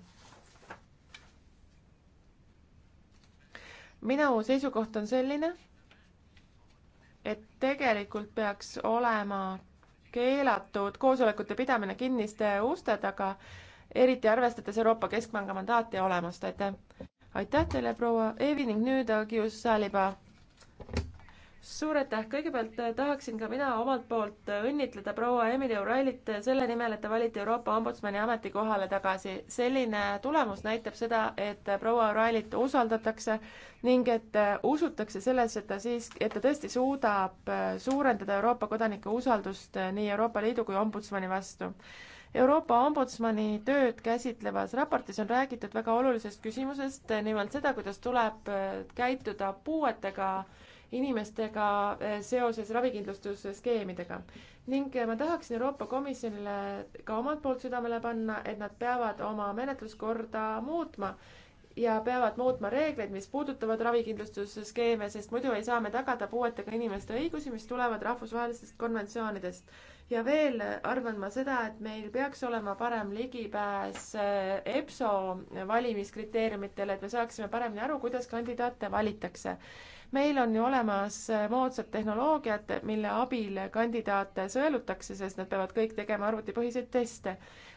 minu seisukoht on selline, et tegelikult peaks olema keelatud koosolekute pidamine kinniste uste taga, eriti arvestades Euroopa Keskpanga mandaati ja olemust, aitäh! aitäh teile, proua Eevi ning nüüd Agius Saliba suur aitäh, kõigepealt äh, tahaksin ka mina omalt poolt äh, õnnitleda proua Emily O'Reillyt äh, selle nimel, et ta valiti Euroopa Ombudsmani ametikohale tagasi. selline tulemus näitab seda, et proua O'Reillyt usaldatakse ning et usutakse sellesse, et ta siis, et ta tõesti suudab suurendada Euroopa kodanike usaldust nii Euroopa Liidu kui ombudsmani vastu Euroopa Ombudsmani tööd käsitlevas raportis on räägitud väga olulisest küsimusest, nimelt seda, kuidas tuleb käituda puuetega äh, inimestega eh, seoses ravikindlustusskeemidega. ning eh, ma tahaksin Euroopa Komisjonile ka omalt poolt südamele panna, et nad peavad oma menetluskorda muutma ja peavad muutma reegleid, mis puudutavad ravikindlustusskeeme, sest muidu ei saa me tagada puuetega inimeste õigusi, mis tulevad rahvusvahelistest konventsioonidest. ja veel eh, arvan ma seda, et meil peaks olema parem ligipääs EPSO valimiskriteeriumitele, et me saaksime paremini aru, kuidas kandidaate valitakse meil on ju olemas äh, moodsad tehnoloogiad, mille abil kandidaate sõelutakse, sest nad peavad kõik tegema arvutipõhiseid teste.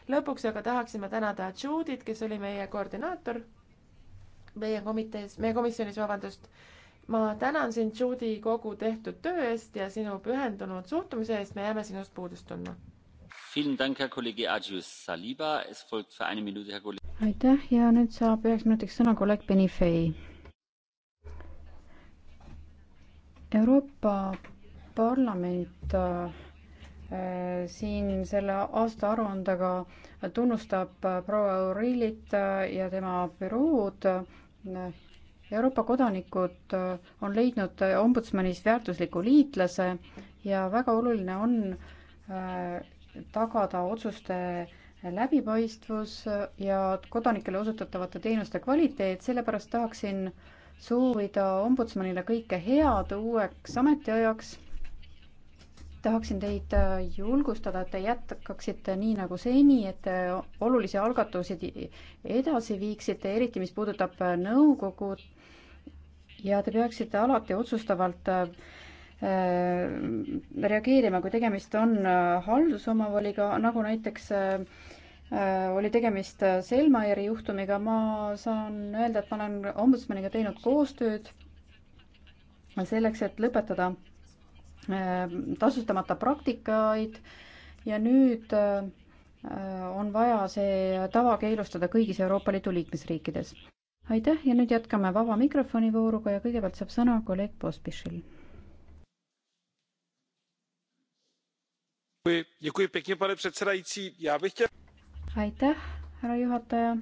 lõpuks aga tahaksime tänada Judit, kes oli meie koordinaator meie komitees, meie komisjonis, vabandust. ma tänan sind, Judy, kogu tehtud töö eest ja sinu pühendunud suhtumise eest, me jääme sinust puudust tundma. aitäh ja nüüd saab üheks minutiks sõna kolleeg Benifei Euroopa Parlament äh, siin selle aastaaruandega tunnustab äh, proua Aurilit äh, ja tema bürood. Euroopa kodanikud on leidnud ombudsmanis väärtusliku liitlase ja väga oluline on tagada otsuste läbipaistvus ja kodanikele osutatavate teenuste kvaliteet, sellepärast tahaksin äh, soovida ombudsmanile kõike head uueks ametiajaks. tahaksin teid äh, julgustada, et te jätkaksite nii nagu seni, et te olulisi algatusi edasi viiksite, eriti mis puudutab äh, nõukogu. ja te peaksite alati otsustavalt äh, reageerima, kui tegemist on haldusomavoliga, nagu näiteks äh, Äh, oli tegemist äh, Selmaieri juhtumiga, ma saan öelda, et ma olen ombudsmaniga teinud koostööd selleks, et lõpetada äh, tasustamata praktikaid ja nüüd on vaja see tava keelustada kõigis Euroopa Liidu liikmesriikides. aitäh ja nüüd jätkame vaba mikrofoni vooruga ja kõigepealt saab sõna kolleeg Pospišil. pane předsedající já bych chtěl aitäh, härra juhataja.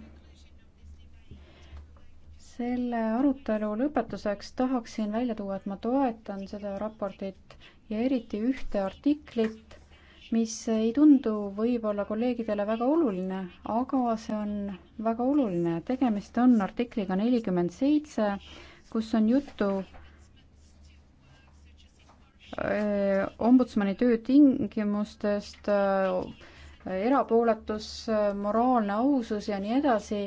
selle arutelu lõpetuseks tahaksin välja tuua, et ma toetan seda raportit ja eriti ühte artiklit, mis ei tundu võib-olla kolleegidele väga oluline, aga see on väga oluline. tegemist on artikliga nelikümmend seitse, kus on juttu äh, ombudsmani töötingimustest, erapooletus, moraalne ausus ja nii edasi,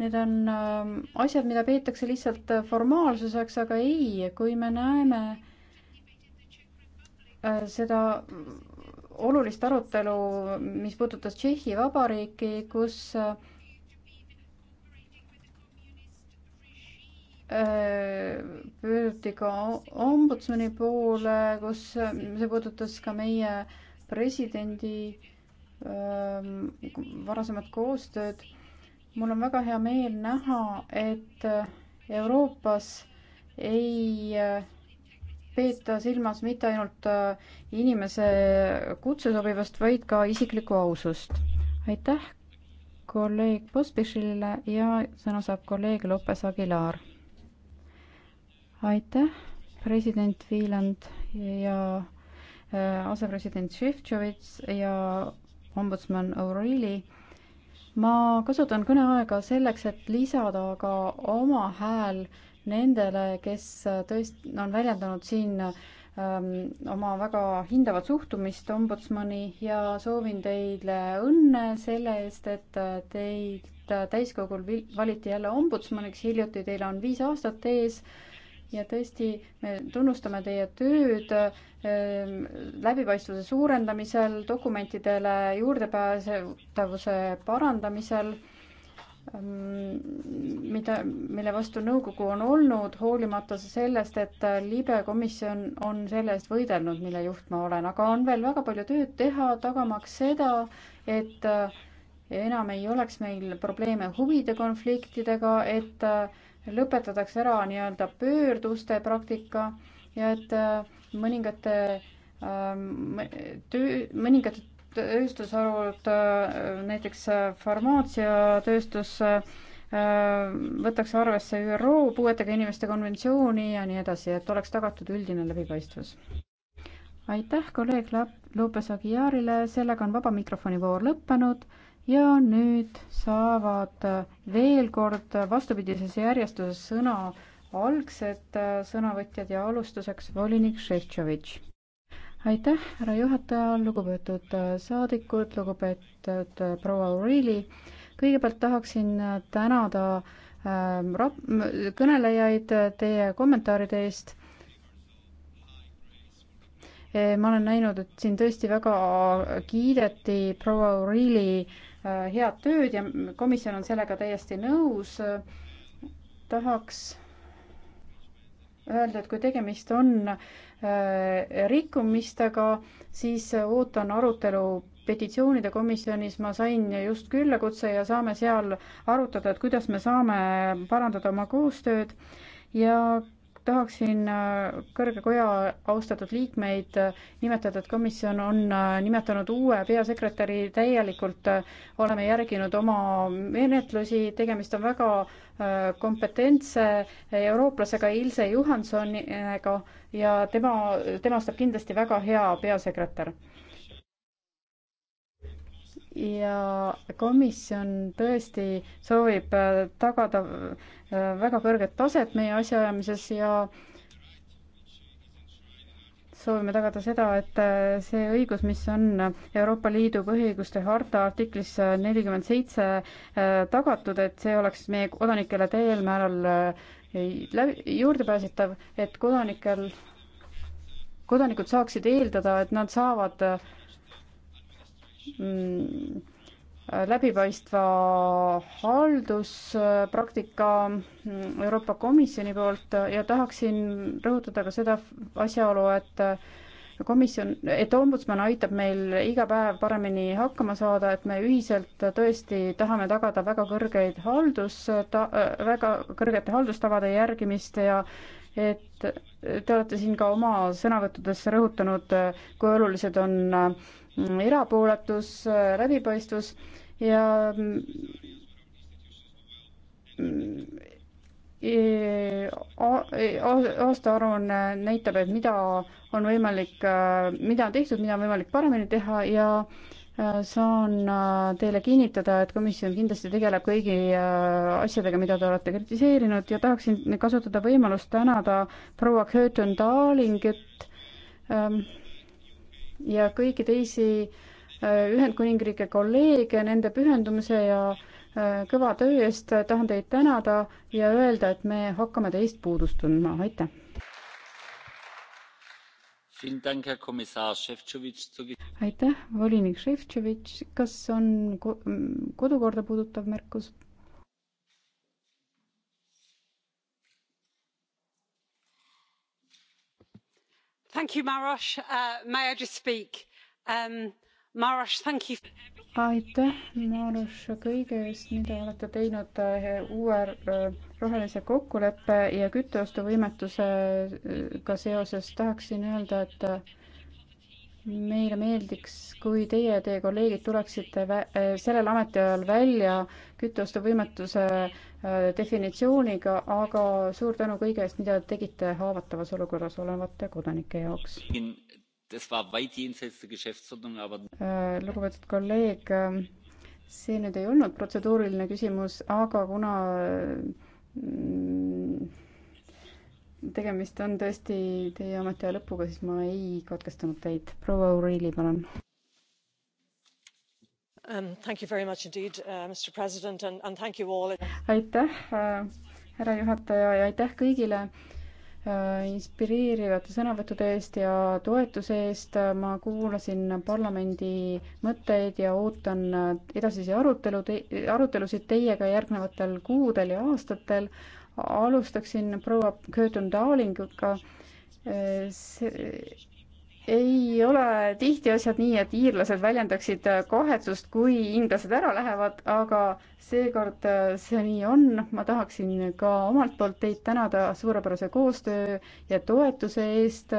need on ähm, asjad, mida peetakse lihtsalt formaalsuseks, aga ei, kui me näeme äh, seda olulist arutelu, mis puudutas Tšehhi Vabariiki, kus äh, pöördi ka ombudsmani poole, kus see puudutas ka meie presidendi varasemat koostööd. mul on väga hea meel näha, et Euroopas ei peeta silmas mitte ainult inimese kutsesobivust, vaid ka isiklikku ausust. aitäh kolleeg Pospišile ja sõna saab kolleeg Lopes Aguilar. aitäh, president Wieland ja asepresident Šeftšovitš ja ombudsman O'Reilly. ma kasutan kõneaega selleks, et lisada ka oma hääl nendele, kes tõest-, on väljendanud siin ähm, oma väga hindavat suhtumist ombudsmani ja soovin teile õnne selle eest, et teid täiskogul valiti jälle ombudsmaniks, hiljuti teil on viis aastat ees ja tõesti, me tunnustame teie tööd ehm, läbipaistvuse suurendamisel, dokumentidele juurdepääsetavuse parandamisel, ehm, mida, mille vastu nõukogu on olnud, hoolimata sellest, et libe komisjon on selle eest võidelnud, mille juht ma olen, aga on veel väga palju tööd teha, tagamaks seda, et enam ei oleks meil probleeme huvide konfliktidega, et lõpetatakse ära nii-öelda pöörduste praktika ja et äh, mõningate ähm, töö, mõningate tööstusharud, äh, näiteks äh, farmaatsiatööstus, võtaks arvesse ÜRO puuetega inimeste konventsiooni ja nii edasi, et oleks tagatud üldine läbipaistvus. aitäh kolleeg Lopes Aguiarile, sellega on vaba mikrofoni voor lõppenud ja nüüd saavad veel kord vastupidises järjestuses sõna algsed sõnavõtjad ja alustuseks volinik Šeftšovitš. aitäh, härra juhataja, lugupeetud saadikud, lugupeetud proua Aureli. kõigepealt tahaksin tänada ähm, rap-, kõnelejaid teie kommentaaride eest äh, ma olen näinud, et siin tõesti väga kiideti proua Aureli head tööd ja komisjon on sellega täiesti nõus. tahaks öelda, et kui tegemist on äh, rikkumistega, siis ootan arutelu petitsioonide komisjonis ma sain just küllakutse ja saame seal arutada, et kuidas me saame parandada oma koostööd ja tahaksin äh, kõrge koja austatud liikmeid äh, nimetada, et komisjon on äh, nimetanud uue peasekretäri täielikult, oleme järginud oma menetlusi, tegemist on väga kompetentse eurooplasega Ilse Johansoniga ja tema, temast saab kindlasti väga hea peasekretär ja komisjon tõesti soovib tagada väga kõrget taset meie asjaajamises ja soovime tagada seda, et äh, see õigus, mis on Euroopa Liidu põhiõiguste harta artiklis nelikümmend seitse äh, tagatud, et see oleks meie kodanikele täiel määral äh, läbi, juurdepääsetav, et kodanikel, kodanikud saaksid eeldada, et nad saavad mm, läbipaistva halduspraktika Euroopa Komisjoni poolt ja tahaksin rõhutada ka seda asjaolu, et komisjon, et ombudsman aitab meil iga päev paremini hakkama saada, et me ühiselt tõesti tahame tagada väga kõrgeid haldus, väga kõrgete haldustavade järgimist ja et te olete siin ka oma sõnavõttudes rõhutanud, kui olulised on erapooletus, läbipaistvus ja Äh, äh, aastaaruanne näitab, et mida on võimalik, äh, mida on tehtud, mida on võimalik paremini teha ja saan teile kinnitada, et komisjon kindlasti tegeleb kõigi asjadega, mida te olete kritiseerinud ja tahaksin kasutada võimalust tänada proua Kööten Darlingit ähm, ja kõiki teisi Ühendkuningriigi kolleege nende pühendumise ja äh, kõva töö eest, tahan teid tänada ja öelda, et me hakkame teist puudust tundma, aitäh! aitäh, volinik Šefčovitš, kas on mm, kodukorda puudutav märkus? Thank you, Maroš uh,. May I just speak um,? Maroš, thank you aitäh, Maarus, kõige eest, mida olete teinud eh, uue eh, rohelise kokkuleppe ja kütteostuvõimetusega seoses. tahaksin öelda, et eh, meile meeldiks, kui teie ja teie kolleegid tuleksite sellel ametiajal välja kütteostuvõimetuse definitsiooniga, aga suur tänu kõige eest, mida tegite haavatavas olukorras olevate kodanike jaoks. Äh, lugupeetud kolleeg, äh, see nüüd ei olnud protseduuriline küsimus, aga kuna mm, tegemist on tõesti teie ametiaja lõpuga, siis ma ei katkestanud teid. proua Aureili, palun um,. Indeed, uh, and, and aitäh äh,, härra juhataja ja aitäh kõigile äh, Äh, inspireerivate sõnavõttude eest ja toetuse eest. ma kuulasin parlamendi mõtteid ja ootan edasisi arutelu te,, arutelusid teiega järgnevatel kuudel ja aastatel. alustaksin proua Curtin Darlinguga. Äh, ei ole tihti asjad nii, et iirlased väljendaksid äh, kahetsust, kui inglased ära lähevad, aga seekord äh, see nii on. ma tahaksin ka omalt poolt teid tänada suurepärase koostöö ja toetuse eest,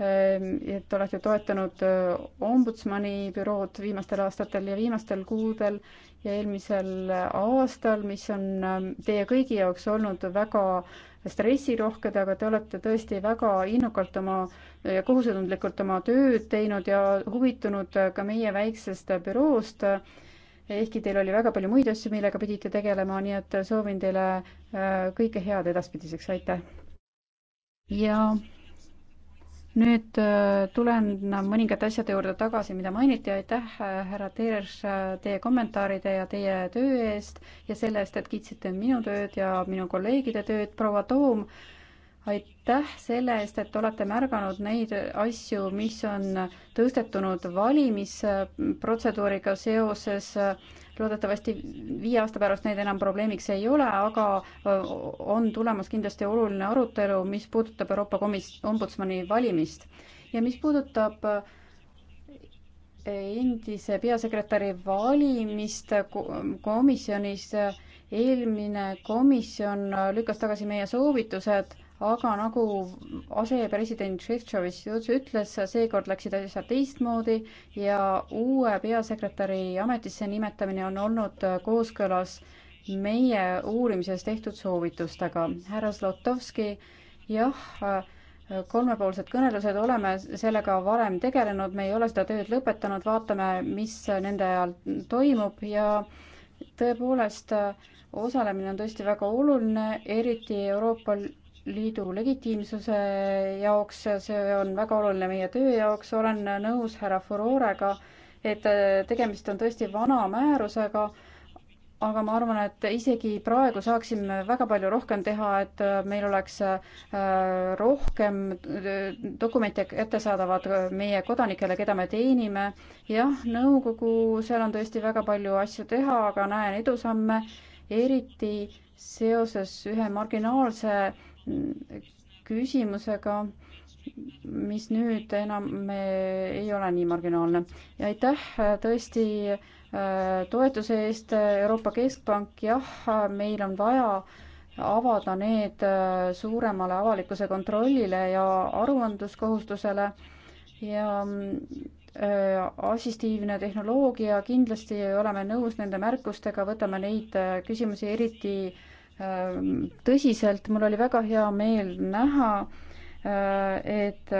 ähm, et olete toetanud äh, ombudsmani bürood viimastel aastatel ja viimastel kuudel eelmisel aastal, mis on ähm, teie kõigi jaoks olnud väga stressirohked, aga te olete tõesti väga innukalt oma, kohusetundlikult oma tööd teinud ja huvitunud äh, ka meie väiksest büroost. ehkki teil oli väga palju muid asju, millega pidite tegelema, nii et soovin teile äh, kõike head edaspidiseks, aitäh! ja nüüd äh, tulen mõningate asjade juurde tagasi, mida mainiti, aitäh, äh, härra Teers, äh, teie kommentaaride ja teie töö eest ja selle eest, et kiitsite minu tööd ja minu kolleegide tööd, proua Toom, aitäh selle eest, et olete märganud neid asju, mis on tõstetunud valimisprotseduuriga seoses äh, loodetavasti viie aasta pärast neid enam probleemiks ei ole, aga on tulemas kindlasti oluline arutelu, mis puudutab Euroopa komis-, ombudsmani valimist. ja mis puudutab endise peasekretäri valimist komisjonis, eelmine komisjon lükkas tagasi meie soovitused aga nagu asepresident Šeftšovitš ütles, seekord läksid asjad teistmoodi ja uue peasekretäri ametisse nimetamine on olnud kooskõlas meie uurimises tehtud soovitustega. härra Zlotovski, jah, kolmepoolsed kõnelused, oleme sellega varem tegelenud, me ei ole seda tööd lõpetanud, vaatame, mis nende ajal toimub ja tõepoolest osalemine on tõesti väga oluline, eriti Euroopa liidu legitiimsuse jaoks, see on väga oluline meie töö jaoks, olen nõus härra Furorega, et tegemist on tõesti vana määrusega, aga ma arvan, et isegi praegu saaksime väga palju rohkem teha, et meil oleks äh, rohkem äh, dokumente kättesaadavad meie kodanikele, keda me teenime. jah, nõukogu, seal on tõesti väga palju asju teha, aga näen edusamme, eriti seoses ühe marginaalse küsimusega, mis nüüd enam me, ei ole nii marginaalne. ja aitäh tõesti äh, toetuse eest, Euroopa Keskpank, jah, meil on vaja avada need äh, suuremale avalikkuse kontrollile ja aruandluskohustusele ja äh, assistiivne tehnoloogia, kindlasti oleme nõus nende märkustega, võtame neid küsimusi eriti äh, Ehm, tõsiselt, mul oli väga hea meel näha, äh, et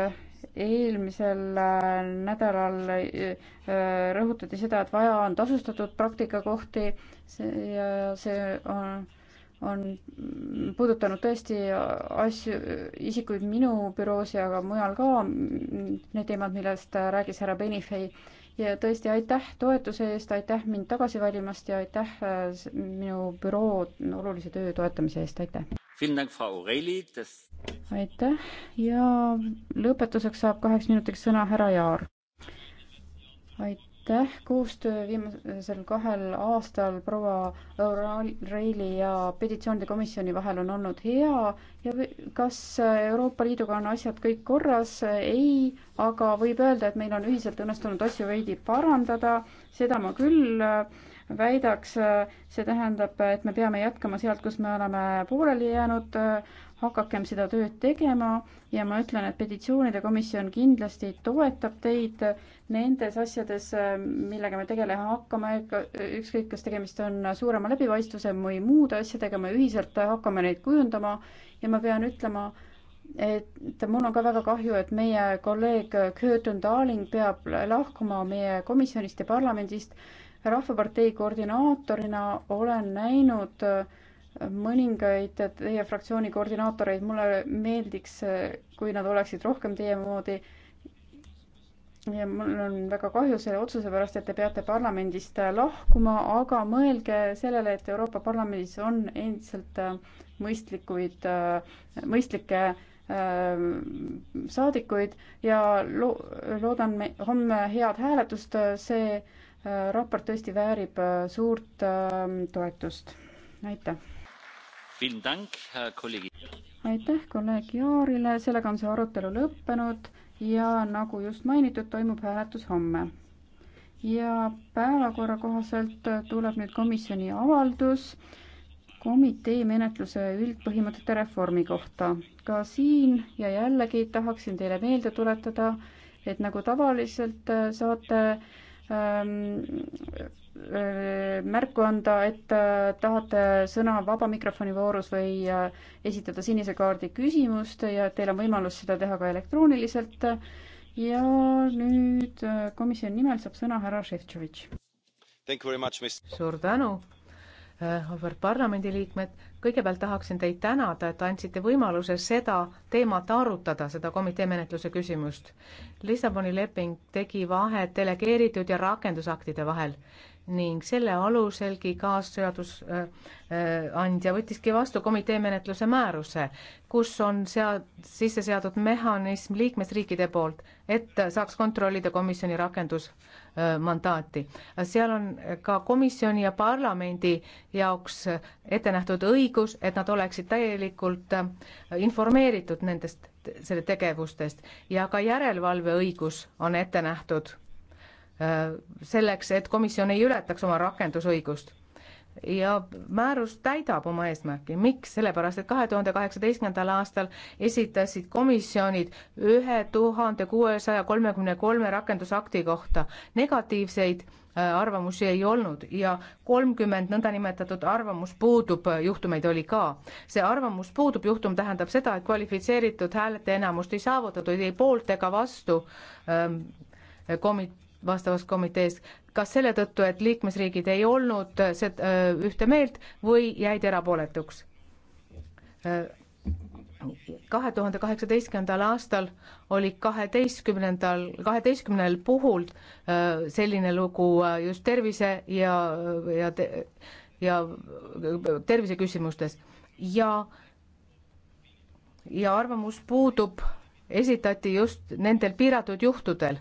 eelmisel äh, nädalal äh, rõhutati seda, et vaja on tasustatud praktikakohti ja see on, on puudutanud tõesti asju, isikuid minu büroos ja ka mujal ka, need teemad, millest rääkis härra Benifei ja tõesti aitäh toetuse eest, aitäh mind tagasi valimast ja aitäh äh, minu büroo olulise töö toetamise eest, aitäh! aitäh ja lõpetuseks saab kaheks minutiks sõna härra Jaar. aitäh! aitäh, koostöö viimasel kahel aastal proua Reili ja petitsioonide komisjoni vahel on olnud hea ja kas Euroopa Liiduga on asjad kõik korras? ei, aga võib öelda, et meil on ühiselt õnnestunud asju veidi parandada, seda ma küll väidaks, see tähendab, et me peame jätkama sealt, kus me oleme pooleli jäänud, hakakem seda tööd tegema ja ma ütlen, et petitsioonide komisjon kindlasti toetab teid nendes asjades, millega me tegelema hakkame, ükskõik, kas tegemist on suurema läbipaistvuse või muude asjadega, me ühiselt hakkame neid kujundama ja ma pean ütlema, et mul on ka väga kahju, et meie kolleeg Curtin Darling peab lahkuma meie komisjonist ja parlamendist. rahvapartei koordinaatorina olen näinud äh, mõningaid teie fraktsiooni koordinaatoreid, mulle meeldiks, kui nad oleksid rohkem teie moodi. ja mul on väga kahju selle otsuse pärast, et te peate parlamendist lahkuma, aga mõelge sellele, et Euroopa Parlamendis on endiselt äh, mõistlikuid, äh, mõistlikke äh, saadikuid ja lo-, loodan me homme head hääletust, see raport tõesti väärib suurt toetust. aitäh! aitäh kolleeg Jaarile, sellega on see arutelu lõppenud ja nagu just mainitud, toimub hääletus homme. ja päevakorra kohaselt tuleb nüüd komisjoni avaldus komitee menetluse üldpõhimõtete reformi kohta. ka siin ja jällegi tahaksin teile meelde tuletada, et nagu tavaliselt äh, saate ähm, Äh, märku anda, et äh, tahate sõna vaba mikrofoni voorus või äh, esitada sinise kaardi küsimust ja teil on võimalus seda teha ka elektrooniliselt. ja nüüd komisjoni nimel saab sõna härra Šeftšovitš. suur tänu, auväärt parlamendiliikmed. kõigepealt tahaksin teid tänada, et andsite võimaluse seda teemat arutada, seda komitee menetluse küsimust. Lissaboni leping tegi vahet delegeeritud ja rakendusaktide vahel ning selle aluselgi kaasseadusandja äh, äh, võttiski vastu komitee menetluse määruse, kus on sead-, sisse seatud mehhanism liikmesriikide poolt, et saaks kontrollida komisjoni rakendusmandaati. seal on ka komisjoni ja parlamendi jaoks ette nähtud õigus, et nad oleksid täielikult äh, informeeritud nendest, selle tegevustest ja ka järelevalveõigus on ette nähtud Äh, selleks, et komisjon ei ületaks oma rakendusõigust. ja määrus täidab oma eesmärki, miks, sellepärast et kahe tuhande kaheksateistkümnendal aastal esitasid komisjonid ühe tuhande kuuesaja kolmekümne kolme rakendusakti kohta negatiivseid äh, arvamusi ei olnud ja kolmkümmend nõndanimetatud arvamus puudub äh, juhtumeid oli ka. see arvamus puudub juhtum tähendab seda, et kvalifitseeritud häälete enamust ei saavutatud ei poolt ega vastu ähm, komi-, vastavas komitees, kas selle tõttu, et liikmesriigid ei olnud seda ühte meelt või jäid erapooletuks? kahe tuhande kaheksateistkümnendal aastal oli kaheteistkümnendal, kaheteistkümnel puhul selline lugu just tervise ja, ja, ja terviseküsimustes ja ja arvamus puudub esitati just nendel piiratud juhtudel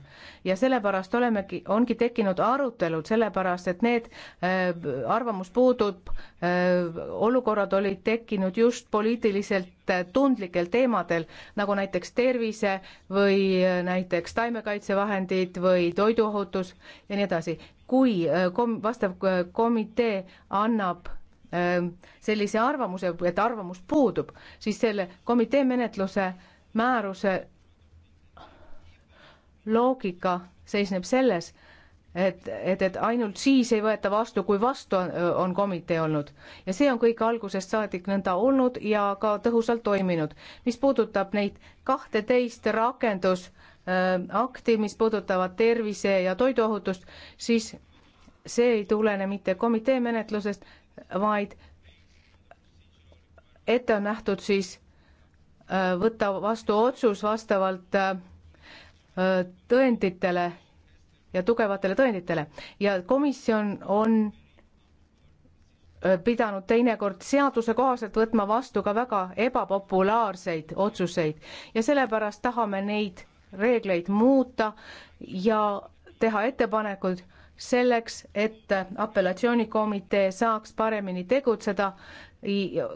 ja sellepärast olemegi, ongi tekkinud arutelud, sellepärast et need äh, arvamus puudub äh,, olukorrad olid tekkinud just poliitiliselt äh, tundlikel teemadel, nagu näiteks tervise või äh, näiteks taimekaitsevahendid või toiduohutus ja nii edasi. kui äh, kom-, vastav äh, komitee annab äh, sellise arvamuse, et arvamus puudub, siis selle komitee menetluse äh, määruse loogika seisneb selles, et, et, et ainult siis ei võeta vastu, kui vastu on, on komitee olnud. ja see on kõik algusest saadik nõnda olnud ja ka tõhusalt toiminud. mis puudutab neid kahteteist rakendusakti, äh, mis puudutavad tervise- ja toiduohutust, siis see ei tulene mitte komitee menetlusest, vaid ette on nähtud siis Äh, võtta vastu otsus vastavalt äh, tõenditele ja tugevatele tõenditele ja komisjon on äh, pidanud teinekord seaduse kohaselt võtma vastu ka väga ebapopulaarseid otsuseid ja sellepärast tahame neid reegleid muuta ja teha ettepanekud selleks, et apellatsioonikomitee saaks paremini tegutseda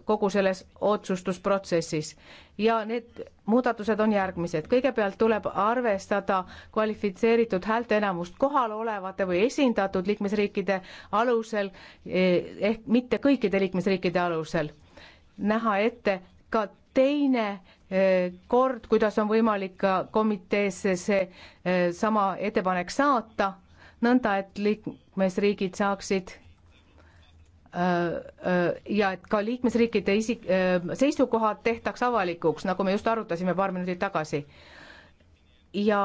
kogu selles otsustusprotsessis. ja need muudatused on järgmised. kõigepealt tuleb arvestada kvalifitseeritud häälteenamust kohal olevate või esindatud liikmesriikide alusel eh, ehk mitte kõikide liikmesriikide alusel. näha ette ka teine eh, kord, kuidas on võimalik komiteesse see eh, sama ettepanek saata nõnda et liikmesriigid saaksid äh, äh, ja et ka liikmesriikide isik, äh, seisukohad tehtaks avalikuks, nagu me just arutasime paar minutit tagasi. ja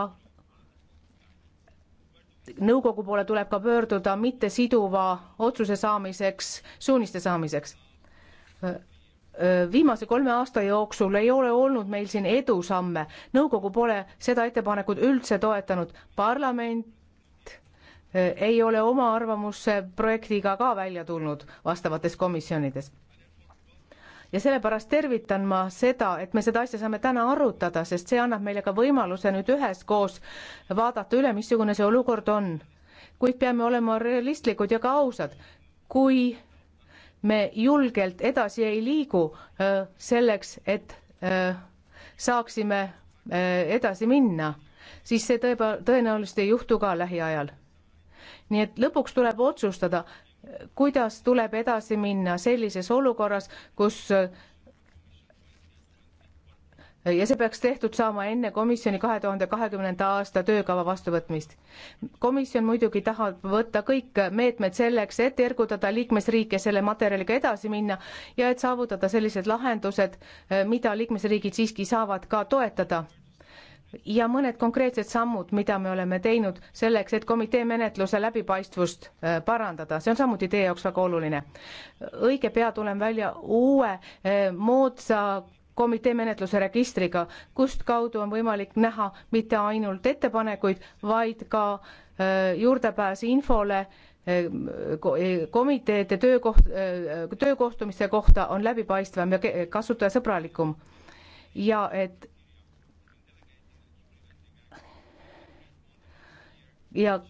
nõukogu poole tuleb ka pöörduda mittesiduva otsuse saamiseks, suuniste saamiseks. viimase kolme aasta jooksul ei ole olnud meil siin edusamme, nõukogu pole seda ettepanekut üldse toetanud, parlament Äh, ei ole oma arvamusprojektiga äh, ka välja tulnud vastavates komisjonides. ja sellepärast tervitan ma seda, et me seda asja saame täna arutada, sest see annab meile ka võimaluse nüüd üheskoos vaadata üle, missugune see olukord on. kuid peame olema realistlikud ja ka ausad, kui me julgelt edasi ei liigu äh, selleks, et saaksime edasi minna, siis see tõeba-, tõenäoliselt ei juhtu ka lähiajal nii et lõpuks tuleb otsustada, kuidas tuleb edasi minna sellises olukorras, kus ja see peaks tehtud saama enne komisjoni kahe tuhande kahekümnenda aasta töökava vastuvõtmist. komisjon muidugi tahab võtta kõik meetmed selleks, et ergutada liikmesriike selle materjaliga edasi minna ja et saavutada sellised lahendused, mida liikmesriigid siiski saavad ka toetada ja mõned konkreetsed sammud, mida me oleme teinud selleks, et komitee menetluse läbipaistvust äh, parandada, see on samuti teie jaoks väga oluline. õige pea tulen välja uue äh, moodsa komitee menetluse registriga, kustkaudu on võimalik näha mitte ainult ettepanekuid, vaid ka äh, juurdepääs infole komiteede töökoht, töökohtumiste kohta on läbipaistvam ja kasutajasõbralikum. ja et ja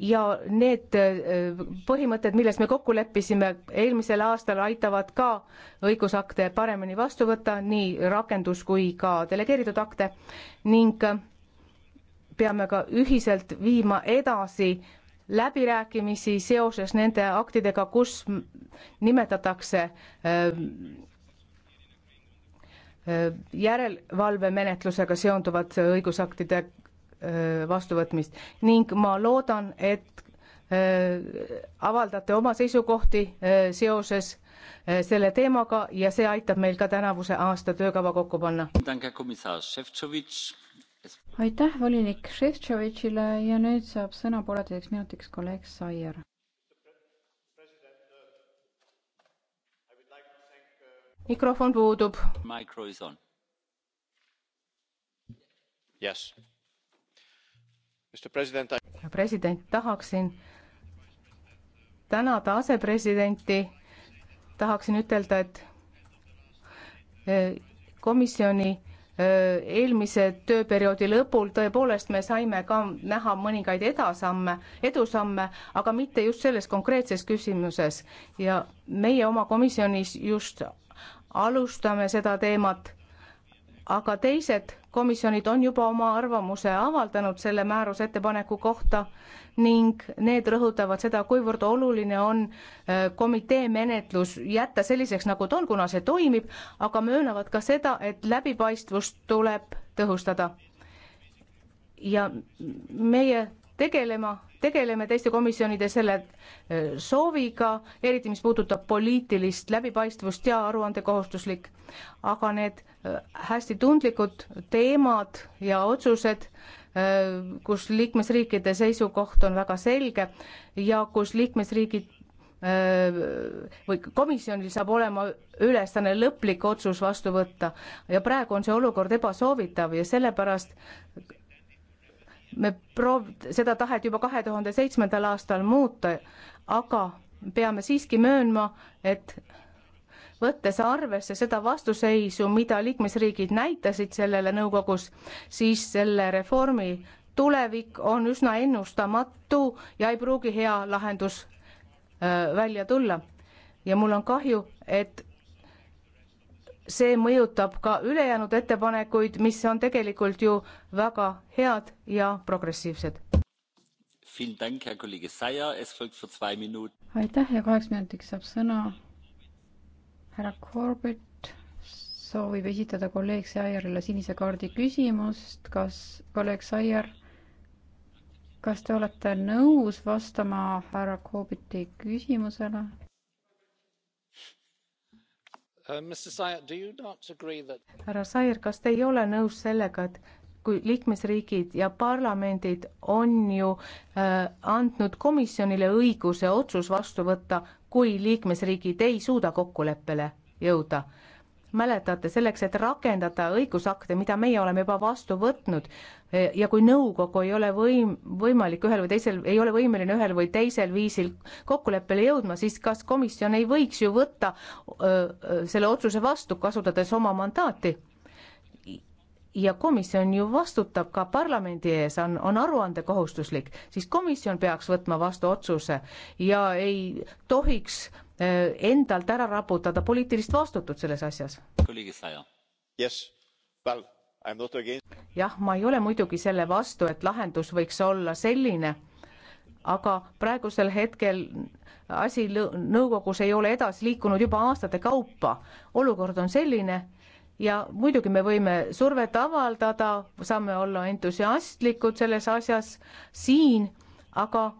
ja need äh, põhimõtted, milles me kokku leppisime eelmisel aastal, aitavad ka õigusakte paremini vastu võtta, nii rakendus kui ka delegeeritud akte ning äh, peame ka ühiselt viima edasi läbirääkimisi seoses nende aktidega, kus nimetatakse äh, järelevalvemenetlusega seonduvad õigusaktide Äh, vastuvõtmist ning ma loodan, et äh, avaldate oma seisukohti äh, seoses selle teemaga ja see aitab meil ka tänavuse aasta töökava kokku panna. aitäh volinik Šeftšovitšile ja nüüd saab sõna pooleteiseks minutiks kolleeg Saier. mikrofon puudub. Yes president, I... president, tahaksin tänada asepresidenti, tahaksin ütelda, et e, komisjoni e, eelmise tööperioodi lõpul tõepoolest me saime ka näha mõningaid edasamme, edusamme, aga mitte just selles konkreetses küsimuses ja meie oma komisjonis just alustame seda teemat, aga teised komisjonid on juba oma arvamuse avaldanud selle määruse ettepaneku kohta ning need rõhutavad seda, kuivõrd oluline on äh, komitee menetlus jätta selliseks, nagu ta on, kuna see toimib, aga möönavad ka seda, et läbipaistvust tuleb tõhustada. ja meie tegelema tegeleme teiste komisjonide selle äh, sooviga, eriti mis puudutab poliitilist läbipaistvust ja aruandekohustuslik, aga need äh, hästi tundlikud teemad ja otsused, äh, kus liikmesriikide seisukoht on väga selge ja kus liikmesriigid või komisjonil saab olema ülesanne lõplik otsus vastu võtta ja praegu on see olukord ebasoovitav ja sellepärast me proov-, seda tahet juba kahe tuhande seitsmendal aastal muuta, aga peame siiski möönma, et võttes arvesse seda vastuseisu, mida liikmesriigid näitasid sellele nõukogus, siis selle reformi tulevik on üsna ennustamatu ja ei pruugi hea lahendus öö, äh, välja tulla. ja mul on kahju, et see mõjutab ka ülejäänud ettepanekuid, mis on tegelikult ju väga head ja progressiivsed. aitäh ja kaheks minutiks saab sõna härra Corbett soovib esitada kolleeg Saiarile sinise kaardi küsimust, kas kolleeg Saiar, kas te olete nõus vastama härra Corbeti küsimusele? Uh, härra Sayer, kas te ei ole nõus sellega, et kui liikmesriigid ja parlamendid on ju äh, andnud komisjonile õiguse otsus vastu võtta, kui liikmesriigid ei suuda kokkuleppele jõuda mäletate, selleks, et rakendada õigusakte, mida meie oleme juba vastu võtnud e, ja kui nõukogu ei ole võim, võimalik ühel või teisel, ei ole võimeline ühel või teisel viisil kokkuleppele jõudma, siis kas komisjon ei võiks ju võtta öö, selle otsuse vastu, kasutades oma mandaati? ja komisjon ju vastutab ka parlamendi ees, on, on aruandekohustuslik, siis komisjon peaks võtma vastu otsuse ja ei tohiks Äh, endalt ära raputada poliitilist vastutust selles asjas. jah, ma ei ole muidugi selle vastu, et lahendus võiks olla selline, aga praegusel hetkel asi nõukogus ei ole edasi liikunud juba aastate kaupa. olukord on selline ja muidugi me võime survet avaldada, saame olla entusiastlikud selles asjas siin, aga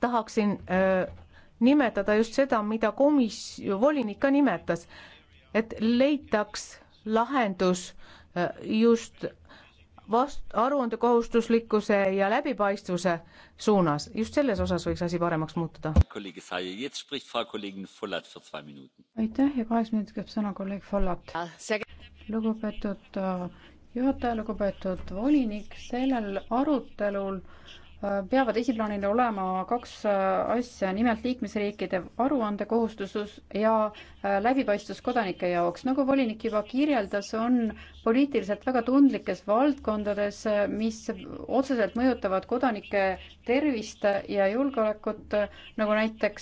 tahaksin öö, äh, nimetada just seda, mida komis-, volinik ka nimetas, et leitaks lahendus öö, äh, just vast-, aruandekohustuslikkuse ja läbipaistvuse suunas, just selles osas võiks asi paremaks muutuda. aitäh ja kaheks minutiks jääb sõna kolleeg Follat. lugupeetud äh, juhataja, lugupeetud volinik, sellel arutelul peavad esiplaanil olema kaks äh, asja, nimelt liikmesriikide aruandekohustus ja äh, läbipaistvus kodanike jaoks. nagu volinik juba kirjeldas, on poliitiliselt väga tundlikes valdkondades, äh, mis otseselt mõjutavad kodanike tervist ja julgeolekut, nagu näiteks